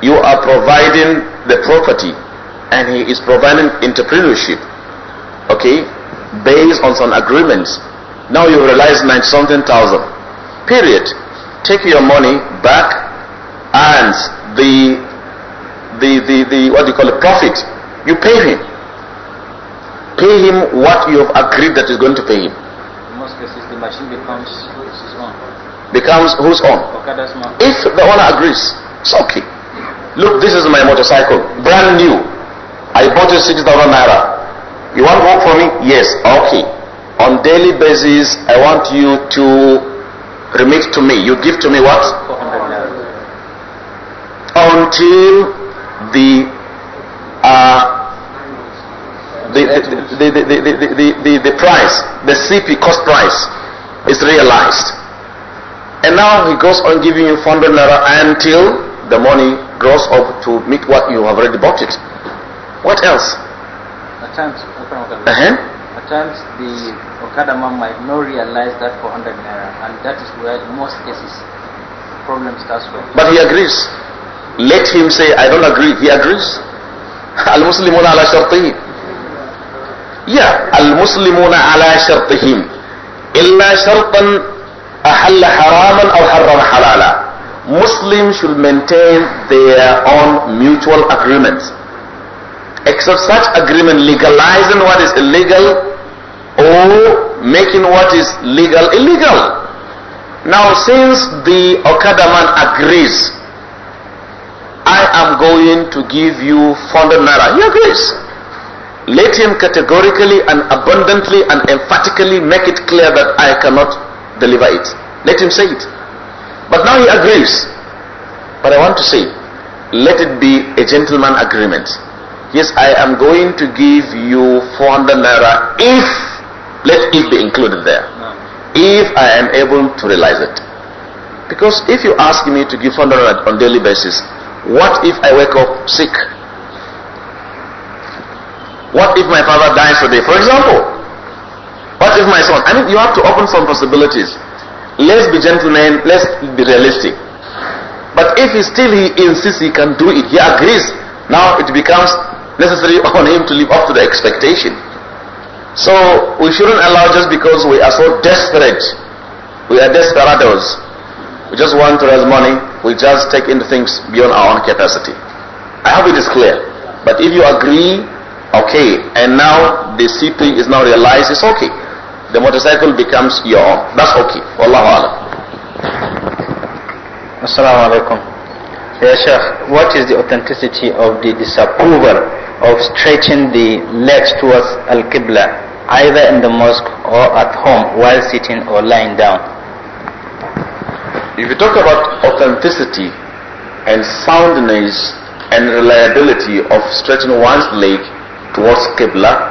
You are providing the property and he is providing entrepreneurship, okay, based on some agreements. Now you realize 90 something thousand. Period. Take your money back and the the, the, the what do you call it, profit, you pay him. Pay him what you have agreed that is going to pay him. In most cases, the machine becomes his own. Becomes whose own? If the owner agrees, it's okay. Look, this is my motorcycle, brand new. I bought it 6,000 naira. You want to work for me? Yes, okay. On daily basis, I want you to remit to me. You give to me what? Until uh, the, the, the, the, the, the, the, price, the CP cost price is realized. And now he goes on giving you 400 naira until the money grows up to meet what you have already bought it. What else? Attempts, uh-huh. attempts the Okada man might not realize that 400 naira, and that is where in most cases problems starts from. But he agrees. Let him say, I don't agree. He agrees. Al-Muslimuna ala shartihim. Yeah, Al-Muslimuna ala shartihim. Illa shartan ahalla haraman aw harram halala. Muslims should maintain their own mutual agreements. Except such agreement legalizing what is illegal or making what is legal illegal. Now since the Okada man agrees I am going to give you 400 naira. He agrees. Let him categorically and abundantly and emphatically make it clear that I cannot deliver it. Let him say it. But now he agrees. But I want to say, let it be a gentleman agreement. Yes, I am going to give you 400 naira if, let it be included there. If I am able to realize it. Because if you ask me to give 400 on daily basis, what if I wake up sick? What if my father dies today, for example? What if my son? I mean, you have to open some possibilities. Let's be gentlemen, let's be realistic. But if he still he insists he can do it, he agrees, now it becomes necessary on him to live up to the expectation. So we shouldn't allow just because we are so desperate. We are desperados we just want to raise money. We just take into things beyond our own capacity. I hope it is clear. But if you agree, okay, and now the CP is now realized, it's okay. The motorcycle becomes your own. That's okay. Wallahu alam. Assalamu alaikum. Yeah, Sheikh, what is the authenticity of the disapproval of stretching the legs towards Al-Qibla, either in the mosque or at home while sitting or lying down? If you talk about authenticity and soundness and reliability of stretching one's leg towards Qibla,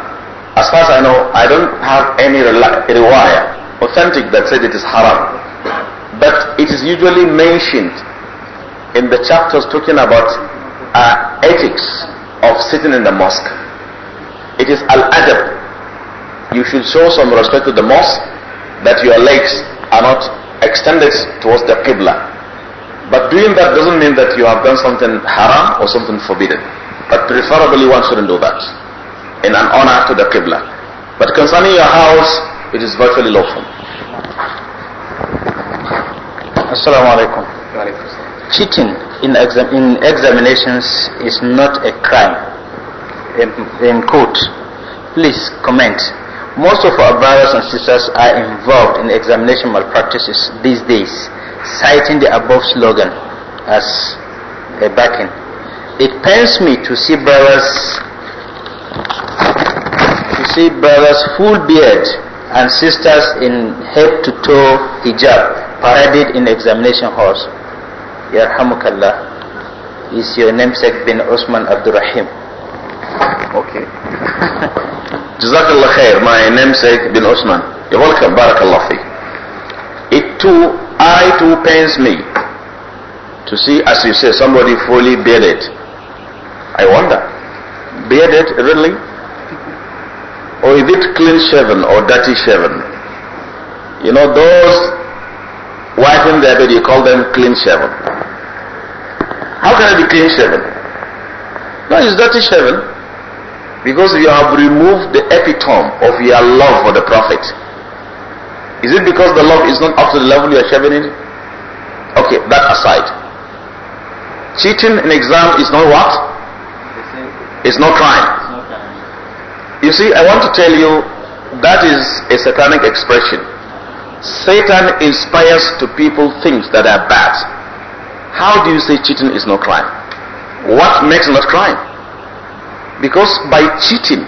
as far as I know, I don't have any riwayah authentic that said it is haram. But it is usually mentioned in the chapters talking about uh, ethics of sitting in the mosque. It is al-adab. You should show some respect to the mosque that your legs are not extended towards the Qibla. But doing that doesn't mean that you have done something haram or something forbidden. But preferably one shouldn't do that in an honor to the Qibla. But concerning your house, it is virtually lawful. Assalamu alaikum. Cheating in, exam in, examinations is not a crime. In, in court, please comment most of our brothers and sisters are involved in examination malpractices these days, citing the above slogan as a backing. It pains me to see brothers to see brothers full beard and sisters in head to toe hijab paraded in examination halls. Yarhamukallah is your namesake bin Osman Abdurrahim. Okay. Jazakallah khair, my namesake bin Osman. You're welcome, barakallah fiqh. It too, I too pains me to see, as you say, somebody fully bearded. I wonder, bearded really? Or is it clean shaven or dirty shaven? You know, those wiping their beard, you call them clean shaven. How can it be clean shaven? No, it's dirty shaven. Because you have removed the epitome of your love for the Prophet. Is it because the love is not up to the level you are shoving it? Okay, that aside. Cheating in exam is not what? It's not crime. You see, I want to tell you that is a satanic expression. Satan inspires to people things that are bad. How do you say cheating is not crime? What makes not crime? Because by cheating,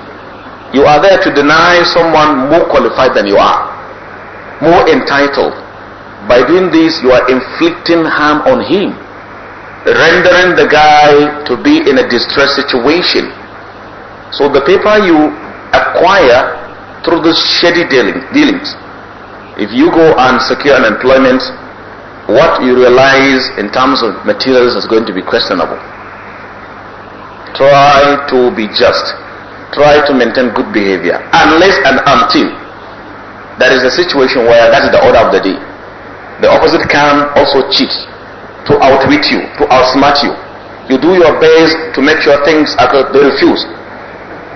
you are there to deny someone more qualified than you are, more entitled. By doing this, you are inflicting harm on him, rendering the guy to be in a distressed situation. So the paper you acquire through this shady dealings, if you go and secure an employment, what you realize in terms of materials is going to be questionable. Try to be just. Try to maintain good behavior. Unless and until there is a situation where that is the order of the day. The opposite can also cheat to outwit you, to outsmart you. You do your best to make sure things are good. They refuse.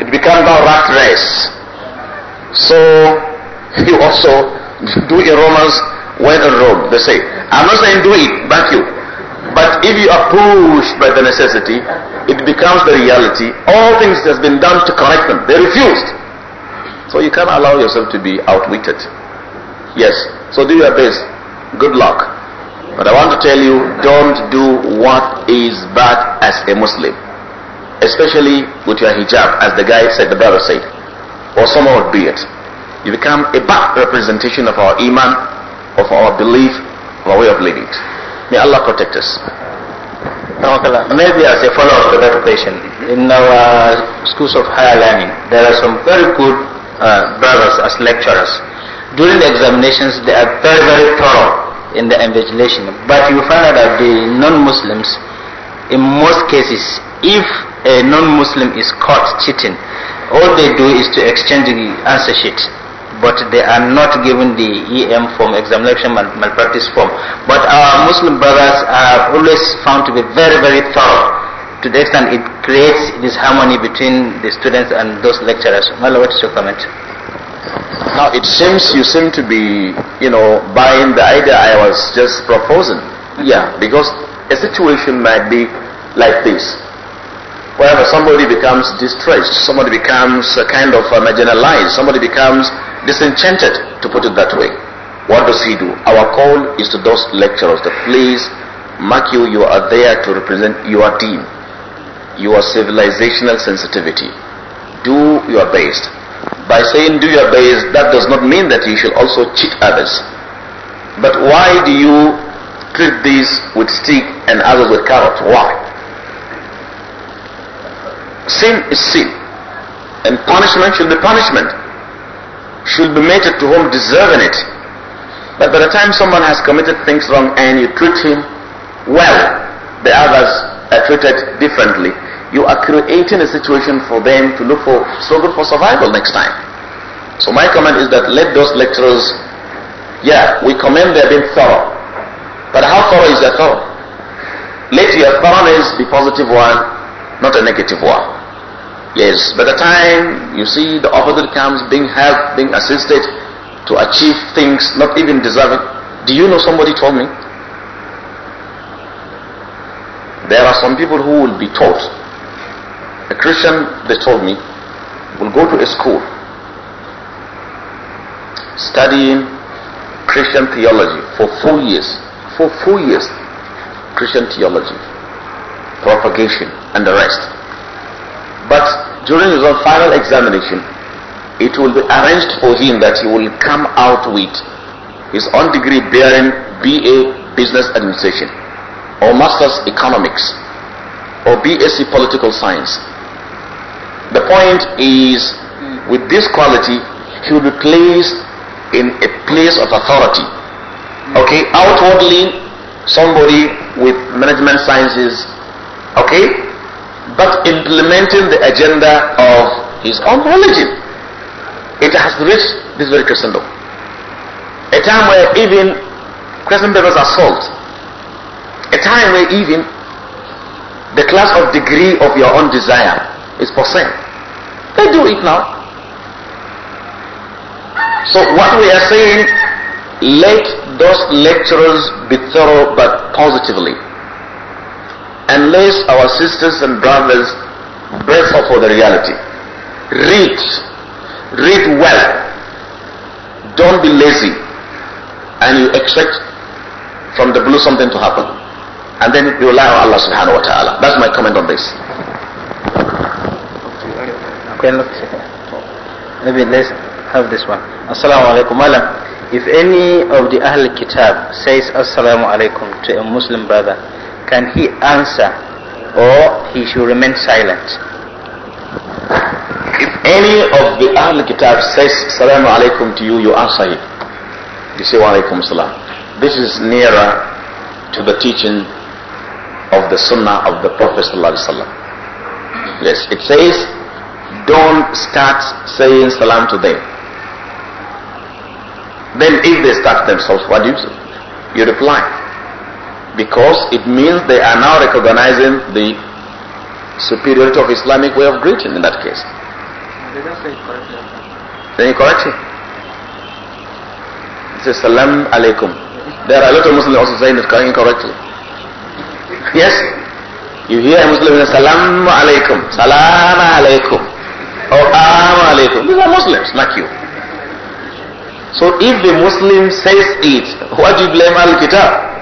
It becomes a rat race. So you also do in Romans when in Rome. They say, I'm not saying do it, but you. But if you are pushed by the necessity, it becomes the reality. All things has been done to correct them. They refused. So you can't allow yourself to be outwitted. Yes. So do your best. Good luck. But I want to tell you, don't do what is bad as a Muslim. Especially with your hijab, as the guy said, the brother said. Or someone would be it. You become a bad representation of our iman, of our belief, of our way of living. May Allah protect us. Maybe as a follow-up to that question, in our schools of higher learning, there are some very good uh, brothers as lecturers. During the examinations, they are very, very thorough in the invigilation. But you find out that the non-Muslims, in most cases, if a non-Muslim is caught cheating, all they do is to exchange the answer sheet but they are not given the EM form, examination mal malpractice form. But our Muslim brothers are always found to be very, very thorough. To the extent it creates this harmony between the students and those lecturers. Mala, what is your comment? Now it seems you seem to be, you know, buying the idea I was just proposing. Yeah. Because a situation might be like this wherever somebody becomes distressed, somebody becomes a kind of uh, marginalized, somebody becomes disenchanted, to put it that way. What does he do? Our call is to those lecturers that please mark you, you are there to represent your team, your civilizational sensitivity. Do your best. By saying do your best, that does not mean that you should also cheat others. But why do you treat these with stick and others with carrot? Why? sin is sin and punishment should be punishment should be meted to whom deserving it but by the time someone has committed things wrong and you treat him well the others are treated differently you are creating a situation for them to look for struggle for survival next time so my comment is that let those lecturers yeah we commend their being thorough but how thorough is that thorough let your thoroughness be positive one not a negative one Yes, by the time you see the opposite comes being helped, being assisted to achieve things not even deserving. Do you know somebody told me? There are some people who will be taught. A Christian, they told me, will go to a school studying Christian theology for four years. For four years, Christian theology, propagation, and the rest. But during his final examination, it will be arranged for him that he will come out with his own degree bearing BA Business Administration or Master's Economics or BSc Political Science. The point is, with this quality, he will be placed in a place of authority. Okay, outwardly, somebody with management sciences, okay, but implementing the agenda of his own religion. It has reached this very crescendo. A time where even Christian papers are sold. A time where even the class of degree of your own desire is for sale. They do it now. So what we are saying, let those lecturers be thorough but positively unless our sisters and brothers brace up for the reality. Read. Read well. Don't be lazy. And you expect from the blue something to happen. And then you rely on Allah subhanahu wa ta'ala. That's my comment on this. Maybe let's have this one. Assalamu alaikum. If any of the Ahl Kitab says Assalamu alaikum to a Muslim brother, can he answer or he should remain silent. If any of the Ahlul Kitab says Salaam alaikum to you, you answer him. You say Wa alaikum salam. This is nearer to the teaching of the Sunnah of the Prophet Yes, it says don't start saying salam to them. Then if they start themselves, what do you say? You reply because it means they are now recognizing the superiority of Islamic way of greeting in that case. Then you correct it. It says Salam Alaikum. There are a lot of Muslims also saying it incorrectly. Yes? You hear a Muslim say Salam Alaikum, Salam Alaikum, or oh, Am Alaikum. These are Muslims, like you. So if the Muslim says it, what do you blame Al-Kitab?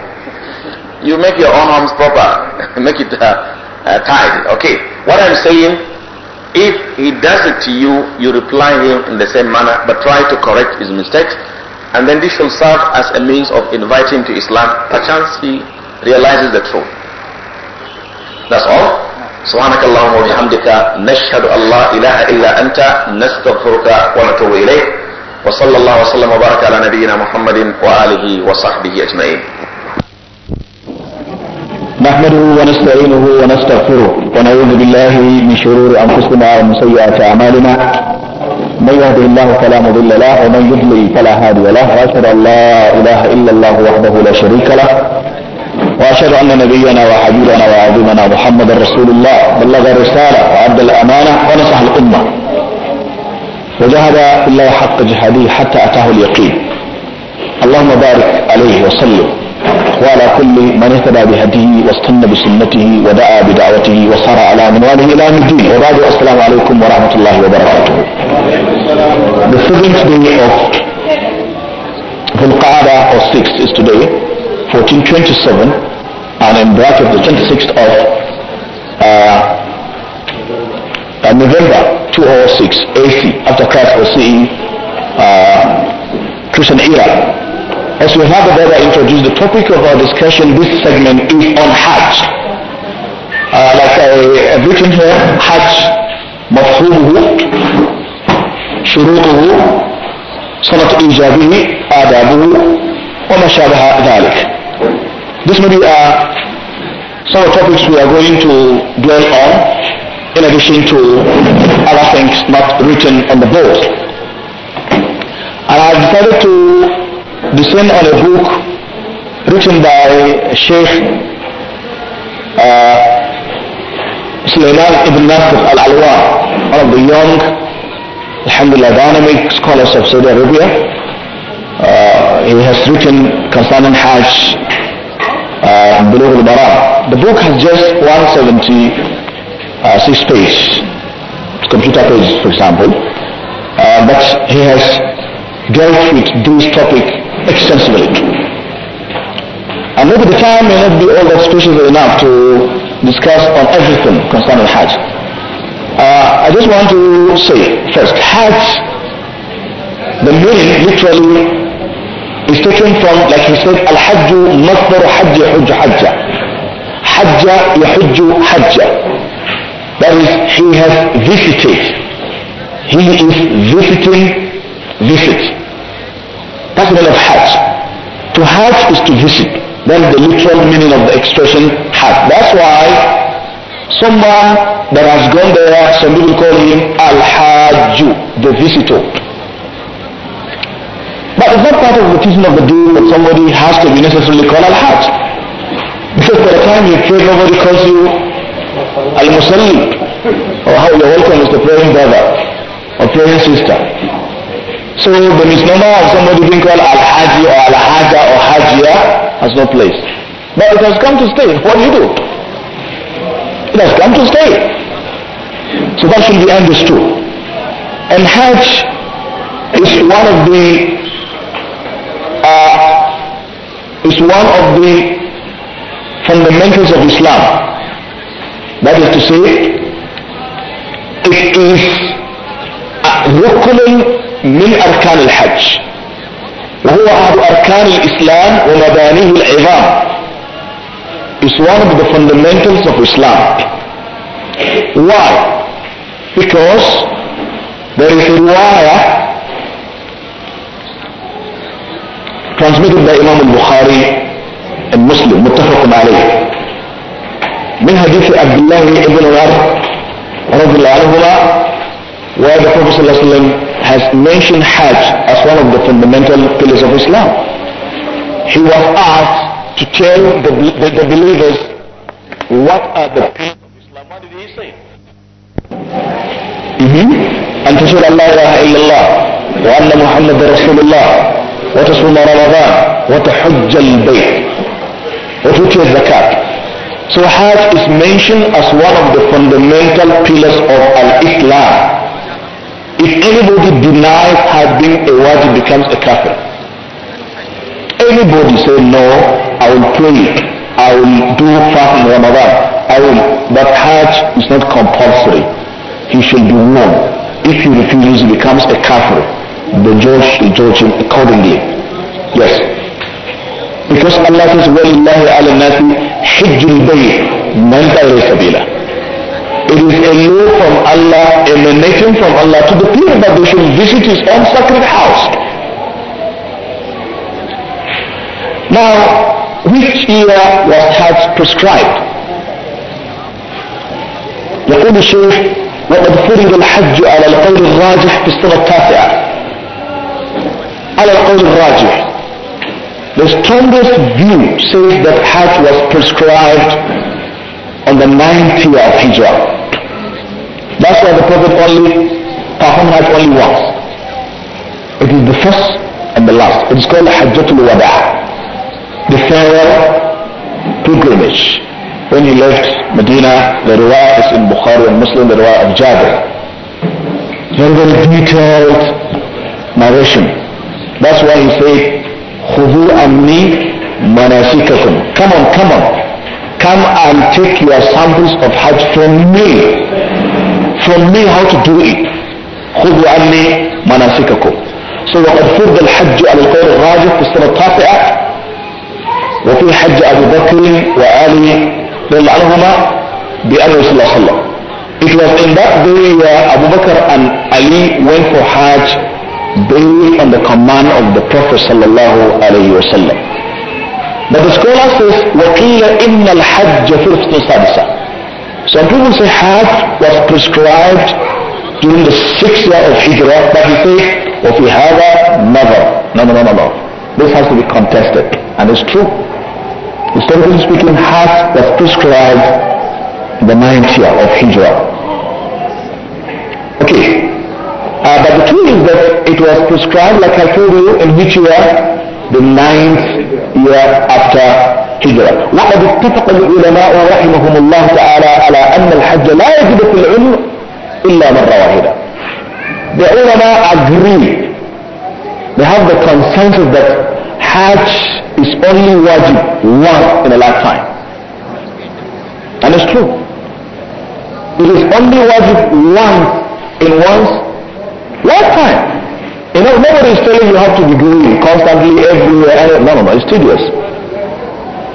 You make your own arms proper. make it uh, uh, tight. Okay. What I'm saying, if he does it to you, you reply him in the same manner, but try to correct his mistakes. And then this shall serve as a means of inviting him to Islam. Perchance he realizes the truth. That's all. سبحانك اللهم وبحمدك نشهد أن لا إله إلا أنت نستغفرك ونتوب إليك وصلى الله وسلم وبارك على نبينا محمد وآله وصحبه أجمعين نحمده ونستعينه ونستغفره ونعوذ بالله من شرور انفسنا ومن سيئات اعمالنا من يهده الله فلا مضل له ومن يضلل فلا هادي له واشهد ان لا اله الا الله وحده لا شريك له واشهد ان نبينا وحبيبنا وعظيمنا محمدا رسول الله بلغ الرساله وعد الامانه ونصح الامه وجهد الله حق جهاده حتى اتاه اليقين اللهم بارك عليه وسلم وعلى كل من اهتدى بهديه واستنى بسنته ودعا بدعوته وصار على منواله الى يوم الدين وبعد السلام عليكم ورحمه الله وبركاته. The seventh day of the Qa'ada or sixth is today, 1427, and in bracket the 26th of uh, uh, November 206 AC after Christ or CE uh, Christian era. As we have already introduced, the topic of our discussion this segment is on Hajj. Uh, like I have written here, Hajj, مفهومه, شروطه, صنة إيجابه, آدابه, وما شابه ذلك. This may be uh, some of the topics we are going to dwell on in addition to other things not written on the board. And I decided to descend on a book written by Sheikh uh, Sulaiman ibn Nasr al-Alwa, one of the young, alhamdulillah, dynamic scholars of Saudi Arabia. Uh, he has written concerning Hajj, uh, Bulugh al-Bara. The book has just 176 uh, pages computer pages, for example, uh, but he has dealt with this topic extensively. And maybe the time may not be all that special enough to discuss on everything concerning Hajj. Uh, I just want to say first, Hajj, the meaning literally is taken from, like he said, Al-Hajj Masdar Hajj Hujj Hajja. Hajj, Yahujj Hajja. That is, he has visited. He is visiting visit. That's the meaning of Hajj. To Hajj is to visit. That is the literal meaning of the expression Hajj. That's why someone that has gone there, some people call him Al-Hajj, the visitor. But it's not part of the teaching of the deen that somebody has to be necessarily called Al-Hajj. Because by the time you pray, nobody calls you Al-Musalli. Or how you're welcome is the praying brother or praying sister. So the misnomer of somebody being called Al-Haji or Al-Haja or Hajia has no place. But it has come to stay. What do you do? It has come to stay. So that should be understood. And Hajj is one of the uh, is one of the fundamentals of Islam. That is to say, it is ركن من أركان الحج وهو أحد أركان الإسلام ومبانيه العظام is one of the fundamentals of Islam. Why? Because there is a riwayah transmitted by Imam al-Bukhari and Muslim, متفق عليه. من حديث عبد الله بن عمر رضي الله عنهما where the Prophet ﷺ has mentioned Hajj as one of the fundamental pillars of Islam. He was asked to tell the, the, the believers what are the pillars of Islam. What did he say? أن تشهد أن لا إله إلا الله وأن محمد رسول الله وتصوم رمضان وتحج البيت وتؤتي الزكاة So Hajj is mentioned as one of the fundamental pillars of islam if anybody denies having a wife, it becomes a kafir. Anybody say no, I will pray, I will do fast in Ramadan, I will, but Hajj is not compulsory. He should do one. If he refuses, he becomes a kafir. The judge should judge him accordingly. Yes. Because Allah says, وَلِلَّهِ عَلَى النَّاسِ حِجُّ الْبَيْتِ مَنْ تَعْرِي سَبِيلًا it is a law from Allah, emanating from Allah to the people that they should visit his own sacred house. Now, which year was Hajj prescribed? يقول الشيخ وقد فرض الحج على القول الراجح في السنة التاسعة على القول الراجح The strongest view says that Hajj was prescribed on the ninth year of Hijrah that's why the Prophet only performed Hajj only once. It is the first and the last. It is called Hajjatul Wada, the farewell pilgrimage. When he left Medina, the riwayah is in Bukhari and Muslim, the riwayah of Jabir. Very, very detailed narration. That's why he said, Khudu anni manasikakum. Come on, come on. Come and take your samples of Hajj from me from me how to do it خذوا عني مناسككم so وقد فرض الحج على القول الراجح في السنة التاسعة وفي حج أبو بكر وآلي رضي عنهما بأمر صلى الله عليه وسلم It was in that day where Abu Bakr and Ali went for Hajj based on the command of the Prophet sallallahu alayhi wasallam. But the scholar says, وَقِيلَ إِنَّ الْحَجَّ فِرْفْتُ سَادِسَةً some people say Hajj was prescribed during the sixth year of Hijrah, but he says, وَفِي هَذَا never. No, no, no, no, no. This has to be contested. And it's true. Historically speaking, Hajj was prescribed the ninth year of Hijrah. Okay. Uh, but the truth is that it was prescribed, like I told you, in which year? The ninth year after they وقد اتفق العلماء رحمهم الله تعالى على أن الحج لا يجب في إلا مرة واحدة The ulama agree They have the consensus that Hajj is only wajib once in a lifetime And it's true It is only wajib once in once lifetime You know, nobody is telling you how to be doing constantly everywhere. No, no, no, it's tedious.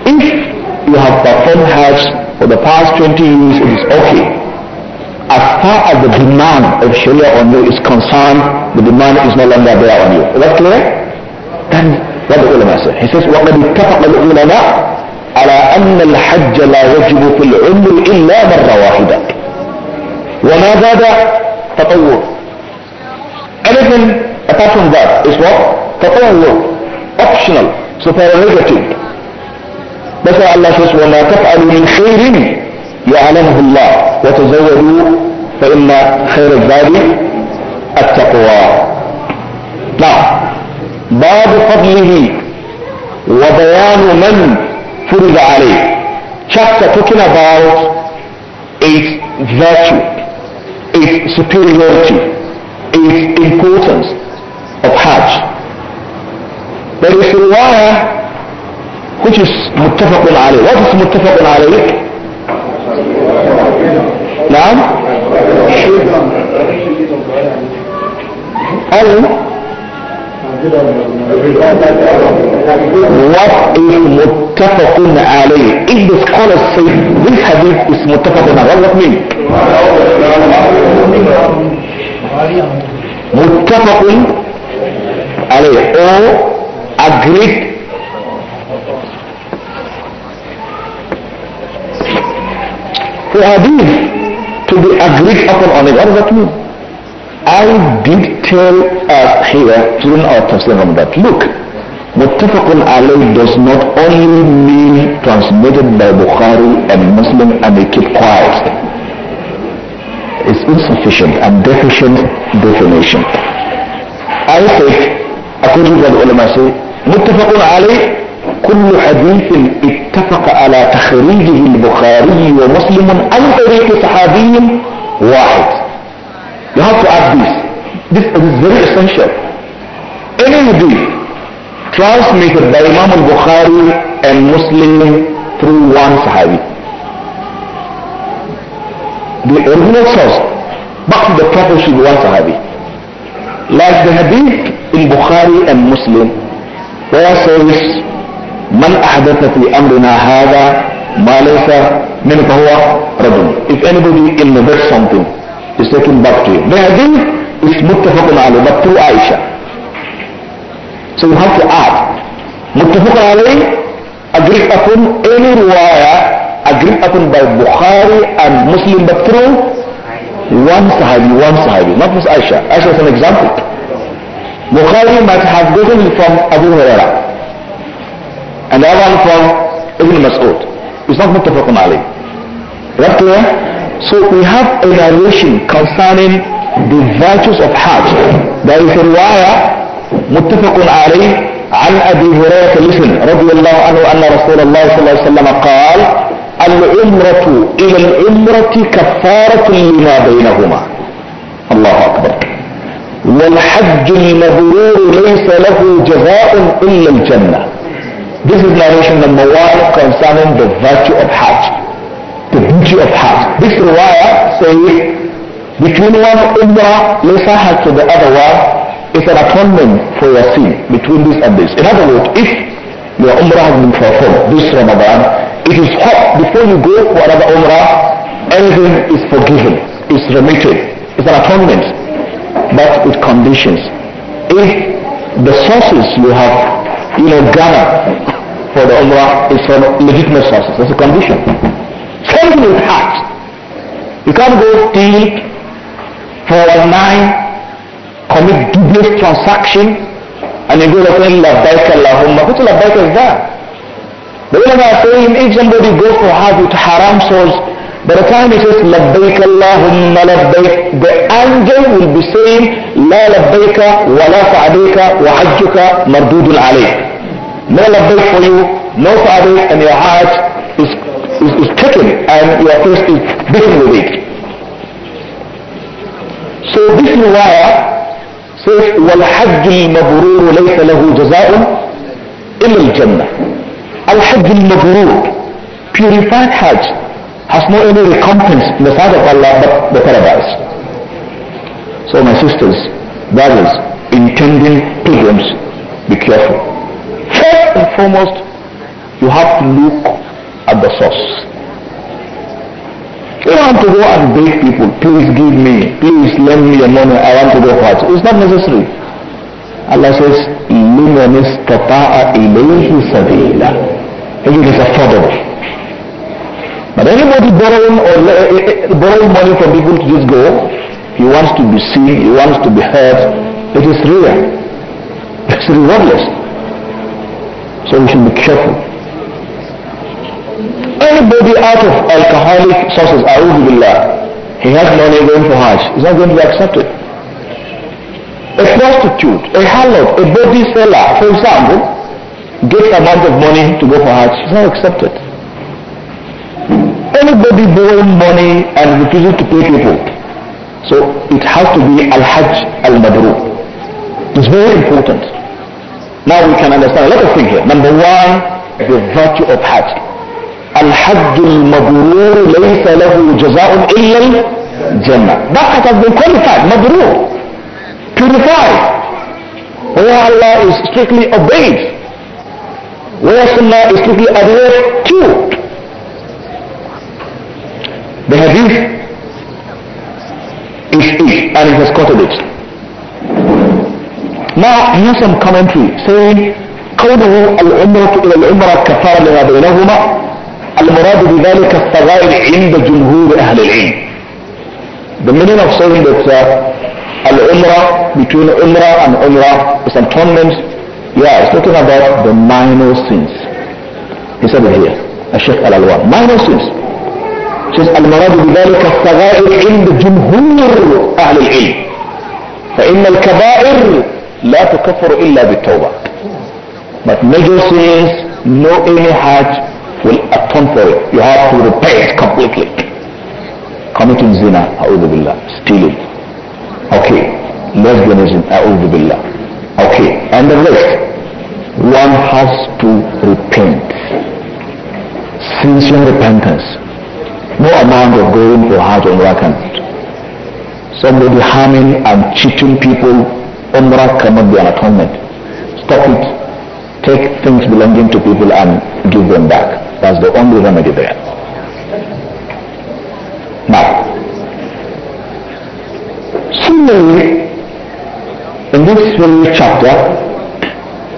If you have performed Hajj for the past 20 years, it is okay. As far as the demand of Sharia on you is concerned, the demand is no longer there on you. Is that clear? Then what the ulama said. He says, وَقَدْ اتَّفَقَ الْعُلَمَاء عَلَى أَنَّ الْحَجَّ لَا يَجِبُ فِي الْعُمْرِ إِلَّا مَرَّ وَاحِدًا وَمَا زَادَ تَطَوُّرٌ Anything apart from that is what? تَطَوُّرٌ Optional, superlative. فسأل الله سبحانه وما تفعل من خير يعلمه الله وتزودوا فإن خير الزاد التقوى نعم باب فضله وبيان من فرض عليه chapter talking about its virtue, its superiority, its importance of Hajj. There is a riwayah كش متفق عليه وصف متفق عليه نعم أو وصف متفق عليه إذ قال السيد من حديث اسم متفق عليه مين متفق عليه أو اجريت for hadith to be agreed upon on it. What does that mean? I did tell us here during our translation that look, Muttafaqun Ali does not only mean transmitted by Bukhari and Muslim and they keep quiet. It's insufficient and deficient definition. I said, according to what ulama say, Muttafaqun Ali. كل حديث اتفق على تخريجه البخاري ومسلم عن طريق صحابي واحد you have to add this this is very essential any hadith transmitted by Imam al-Bukhari and Muslim through one sahabi the original source back to the prophet should one sahabi like the hadith in Bukhari and Muslim where says من أحدث في أمرنا هذا ما ليس من فهو رجل if anybody in the best something is taken back to you the hadith is متفق عليه but through Aisha so you have to add متفق عليه agree upon any riwayah agree upon by Bukhari and Muslim but through one Sahabi, one Sahabi, not Miss Aisha. Aisha is an example. Bukhari might have gotten from Abu Hurairah And the other one from Ibn Mas'ud. It's not muttafaqun Ali. Right clear? So we have a narration concerning the virtues of Hajj. There is a riwayah muttafaqun Ali, عن ابي هريره لسن رضي الله عنه ان رسول الله صلى الله عليه وسلم قال العمره الى العمره كفاره لما بينهما الله اكبر والحج المبرور ليس له جزاء الا الجنه This is narration number one concerning the virtue of Hajj, the beauty of Hajj. This riwayah says, between one umrah, lesser Hajj to the other one, is an atonement for your sin between this and this. In other words, if your umrah has been performed this Ramadan, it is hot before you go for another umrah, everything is forgiven, is remitted, it's an atonement, but with conditions. If the sources you have you know, Ghana for the Umrah is from legitimate sources. That's a condition. Same thing with Hajj. You can't go steal, for nine, commit dubious transaction, and you go to saying, Labbaik Allahumma. What's Labbaik is that? The I are saying if somebody goes for Hajj with haram source. By the time he says, Labbaik Allahumma Labbaik, the angel will be saying, La Labbaika wa la fa'alayka wa hajjuka mardudun alayk. No Labbaik for you, no fa'alayk, and your heart is, is, is taken and your face is beaten with it. So this riwayah says, وَالْحَجُّ الْمَبْرُورُ لَيْسَ لَهُ جَزَاءٌ إِلَّا الْجَنَّةِ Al-Hajj al-Mabrur, purified Hajj, has no any recompense in the sight of Allah but the paradise. So my sisters, brothers, intending pilgrims, be careful. First and foremost, you have to look at the source. You don't want to go and beg people, please give me, please lend me your money, I want to go hajj. It's not necessary. Allah says, لِمَنِ اسْتَطَاعَ إِلَيْهِ سَبِيلًا it is affordable. But anybody borrowing or eh, eh, eh, borrowing money from people to just go, he wants to be seen, he wants to be heard. It is real. It's rewardless. So we should be careful. Anybody out of alcoholic sources, A'udhu Billah, he has money going for Hajj, is not going to be accepted. A prostitute, a harlot, a body seller, for example, gets amount of money to go for Hajj, is not accepted anybody borrowing money and refuses to pay people, so it has to be Al-Hajj Al-Mabrur. It's very important. Now we can understand a lot of things here. Number one, the virtue of Hajj. Al-Hajj Al-Mabrur laysa lahu jaza'un illa Jannah. That has been qualified, Mabrur. Purified. Where Allah is strictly obeyed. Where Sunnah is strictly adhered to. The hadith is it and it has quoted it. Now here's some commentary saying قوله العمرة إلى العمرة كفار لما بينهما المراد بذلك الصغائر عند جمهور أهل العلم. The meaning of saying that uh, al-umrah between umrah and umrah is atonement yeah, it's talking about the minor sins. He said it here. Sheikh Al Alwan. Minor sins. شوف المراد بذلك الصغائر عند جمهور أهل العلم فإن الكبائر لا تكفر إلا بالتوبة but major sins no any heart will atone for it you have to repay it completely committing zina أعوذ بالله stealing okay lesbianism أعوذ بالله okay and the rest one has to repent sincere repentance no amount of going for heart Umrah can. Somebody harming and cheating people, Umrah cannot be an atonement. Stop it. Take things belonging to people and give them back. That's the only remedy there. Now, similarly, in this very chapter,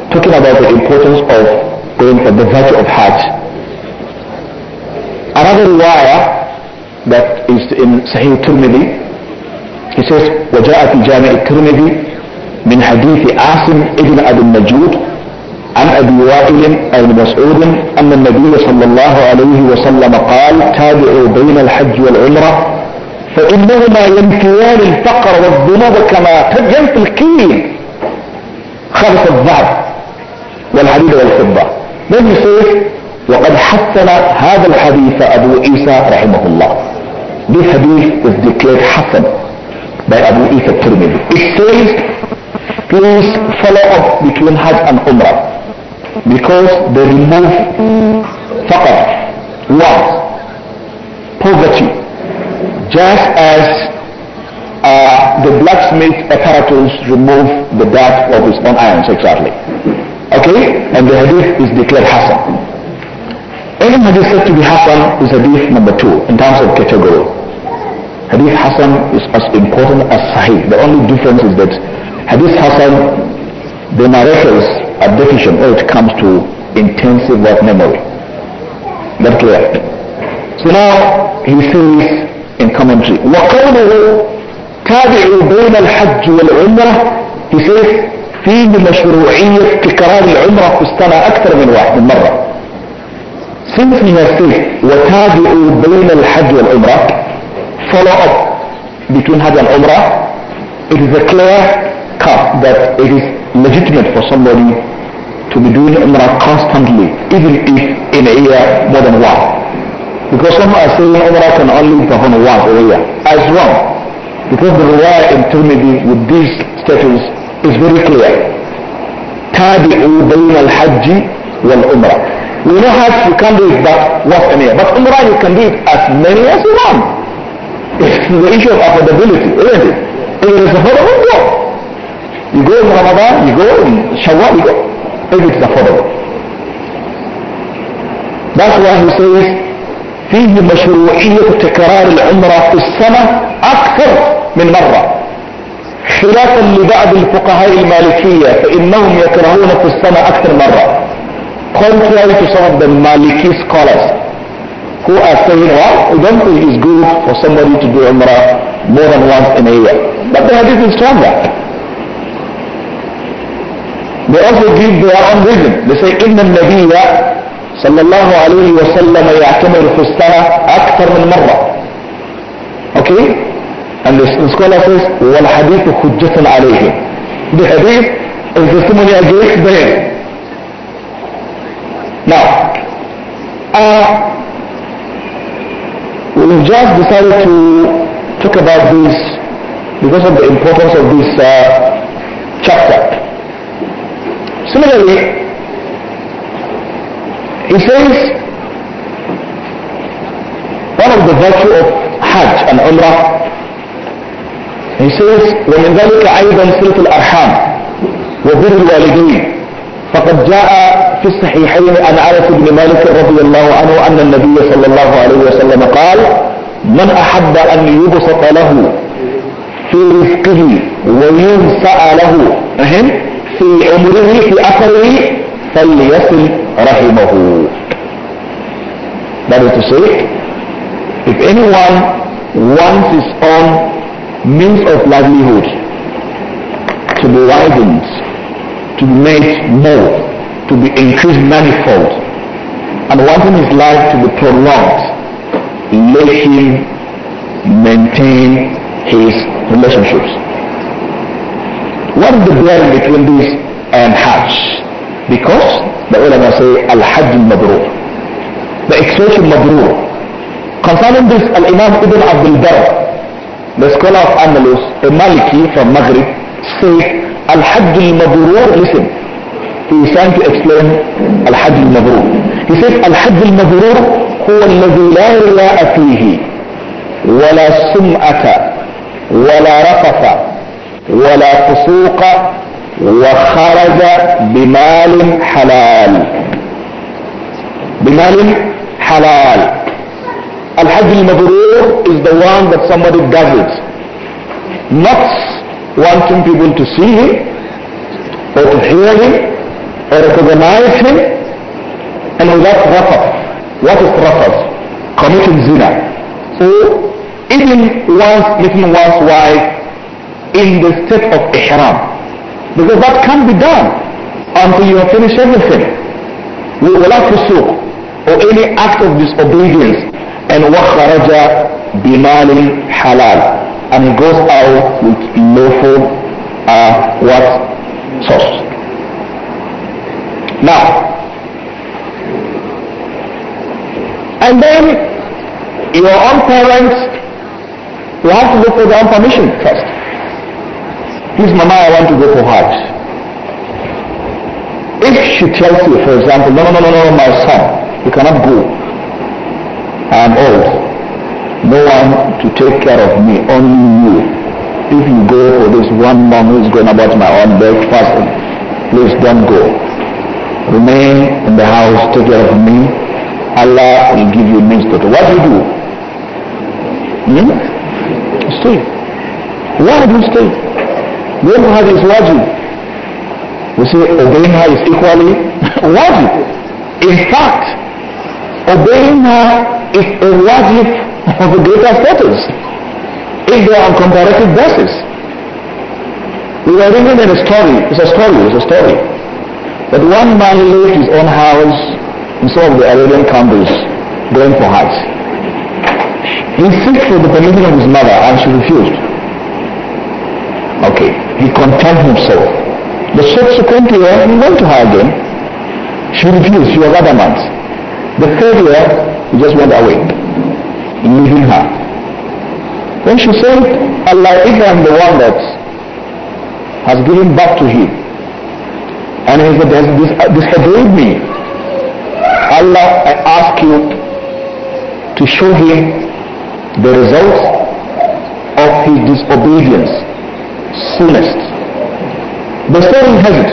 talking about the importance of going for the virtue of heart. Another riwayah that is in Sahih Tirmidhi, he says, وجاء في جامع الترمذي من حديث عاصم ابن أبي النجود عن أبي وائل بن مسعود أن النبي صلى الله عليه وسلم قال تابعوا بين الحج والعمرة فإنهما ينفيان الفقر والذنوب كما ينفي الكيل خبث الذهب والحديد والفضة. Then he says, وقد حسن هذا الحديث أبو عيسى رحمه الله This hadith is declared by Abu Isa Tirmidhi. It says, please follow up between Hajj and Umrah because they remove faqar, wealth, poverty, just as uh, the blacksmith apparatus remove the dirt of his own so exactly. Okay? And the hadith is declared Hassan. any hadith said to be Hassan is hadith number two in terms of category. Hadith Hassan is as important as Sahih. The only difference is that Hadith Hassan, the narrators are deficient when it comes to intensive work memory. That clear? So now he says in commentary, وَقَوْلُهُ تَابِعُوا بَيْنَ الْحَجِّ وَالْعُمْرَةِ He says فيه مشروعية تكرار العمرة في السنة أكثر من واحد من مرة Since he has said, وَتَابِعُوا بَيْنَ الْحَجِّ Umrah Follow up between Hajj and Umrah. It is a clear cut that it is legitimate for somebody to be doing Umrah constantly, even if in a year more than one. Because some are saying Umrah can only perform one a year. As wrong. Because the riwayah in Tirmidhi with these statements is very clear. تابعوا بين الحج Umrah? You know how you can't do it but what's an But Umrah you can do it as many as you want. It's the issue of affordability, isn't it? If it is affordable, go. You go in Ramadan, you go in Shawwal, you go. If it's affordable. That's why he says, فيه مشروعية تكرار العمرة في السنة أكثر من مرة خلافا لبعض الفقهاء المالكية فإنهم يكرهون في السنة أكثر مرة contrary to some of the Maliki scholars who are saying, well, we don't think it's good for somebody to do Umrah more than once in a year. But the hadith is stronger. They also give their own reason. They say, إن النبي صلى الله عليه وسلم يعتمر في السنة أكثر من مرة. Okay? And the scholar says, والحديث حجة عليه. The hadith is the testimony against them. Now, uh, we have just decided to talk about this because of the importance of this uh, chapter. Similarly, he says one of the virtue of Hajj and Umrah he says ومن ذلك أيضا صلة الأرحام وبر الوالدين فقد جاء في الصحيحين عن انس بن مالك رضي الله عنه ان النبي صلى الله عليه وسلم قال من احب ان يبسط له في رزقه وينسأ له في عمره في اثره فليصل رحمه That is to say, if anyone wants his own means of livelihood to be widened to be made more, to be increased manifold, and wanting his life to be prolonged, let him maintain his relationships. What is the blend between this and Hajj? Because the ulama say Al-Hajj al-Mabrur. The expression Mabrur. Concerning this, Al-Imam Ibn Abdul Barr, the scholar of Andalus, a Maliki from Maghrib, said الحج المبرور listen he is trying to explain الحج المبرور he says الحج المبرور هو الذي لا رياء فيه ولا سمعة ولا رفث ولا فسوق وخرج بمال حلال بمال حلال الحج المبرور is the one that somebody does it not wanting people to see him or to hear him or recognize him and without rafat. What is rafat? Committing zina. So even once meeting one's wife in the state of ihram. Because that can't be done until you have finished everything. We will not pursue or any act of disobedience and وَخَرَجَ بِمَالٍ halal and he goes out with lawful uh, what source. Now, and then your own parents, you have to go for their own permission first. Please, Mama, I want to go for Hajj. If she tells you, for example, no, no, no, no, no, my son, you cannot go. I am old no one to take care of me, only you. If you go for this one mom who's going about my own breakfast, please don't go. Remain in the house, take care of me. Allah will give you means to do. What do you do? Hmm? Stay. Why do you stay? Going to is wajib. We say obeying her is equally wajib. In fact, Obeying her is a wajib of the greater purpose. if they are on comparative basis. We were reading in a story, it's a story, it's a story, that one man left his own house in some of the Arabian countries going for Hajj. He seeks for the permission of his mother and she refused. Okay, he content himself. The subsequent year he went to her again. She refused, she was adamant. The third year, he just went away, leaving her. When she said, Allah Ibrahim, the one that has given birth to him, and he has dis- disobeyed me, Allah, I ask you to show him the results of his disobedience soonest. The story has it.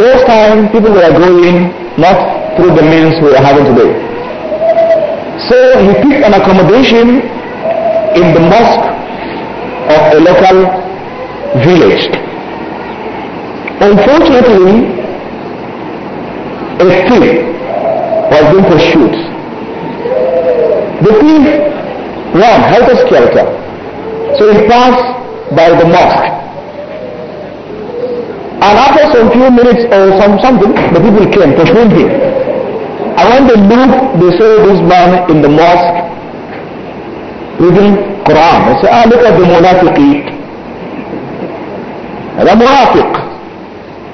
Those times people were going not through the means we are having today. So he picked an accommodation in the mosque of a local village. Unfortunately, a thief was being pursued. The thief ran, his skelter. So he passed by the mosque. And after some few minutes or some something, the people came pursuing him. I want to look, they say this man in the mosque reading Quran. I say, ah, look at the munafiqeen. And I'm munafiq.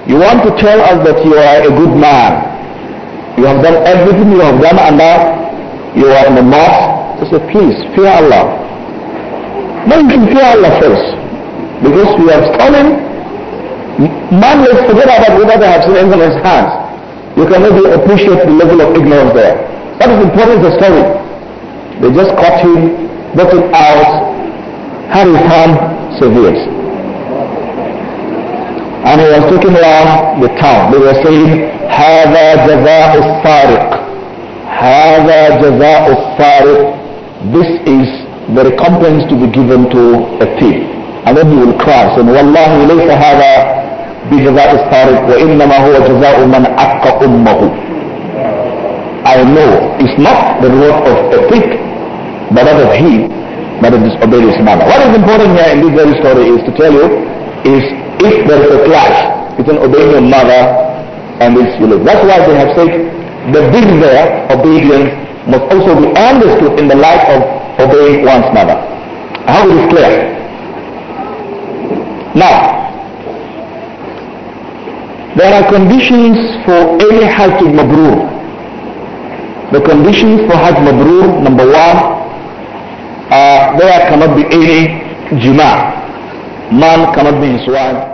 You want to tell us that you are a good man. You have done everything you have done and now you are in the mosque. I say, please, fear Allah. No, you fear Allah first. Because we have stolen. Man, let's forget about whether they have seen anything in his hands. You can maybe appreciate the level of ignorance there. What is important of the story. They just caught him, brought him out, had his hand severed. And he was taken around the town. They were saying, هذا جزاء السارق. هذا جزاء السارق. This is the recompense to be given to a thief. And then he will cry, saying, والله ليس هذا بجزاء السارق وإنما هو جزاء من أتقى أمه I know it's not the reward of a thief but that of he that has disobeyed his mother. What is important here in this very story is to tell you is if there is a clash between obeying your mother and this village. That's why they have said the big there, obedience, must also be understood in the light of obeying one's mother. How is it is clear? Now, there are conditions for any Hajj Mabrur. The conditions for Hajj Mabrur, number one, uh, there cannot be any Juma. Man cannot be his wife.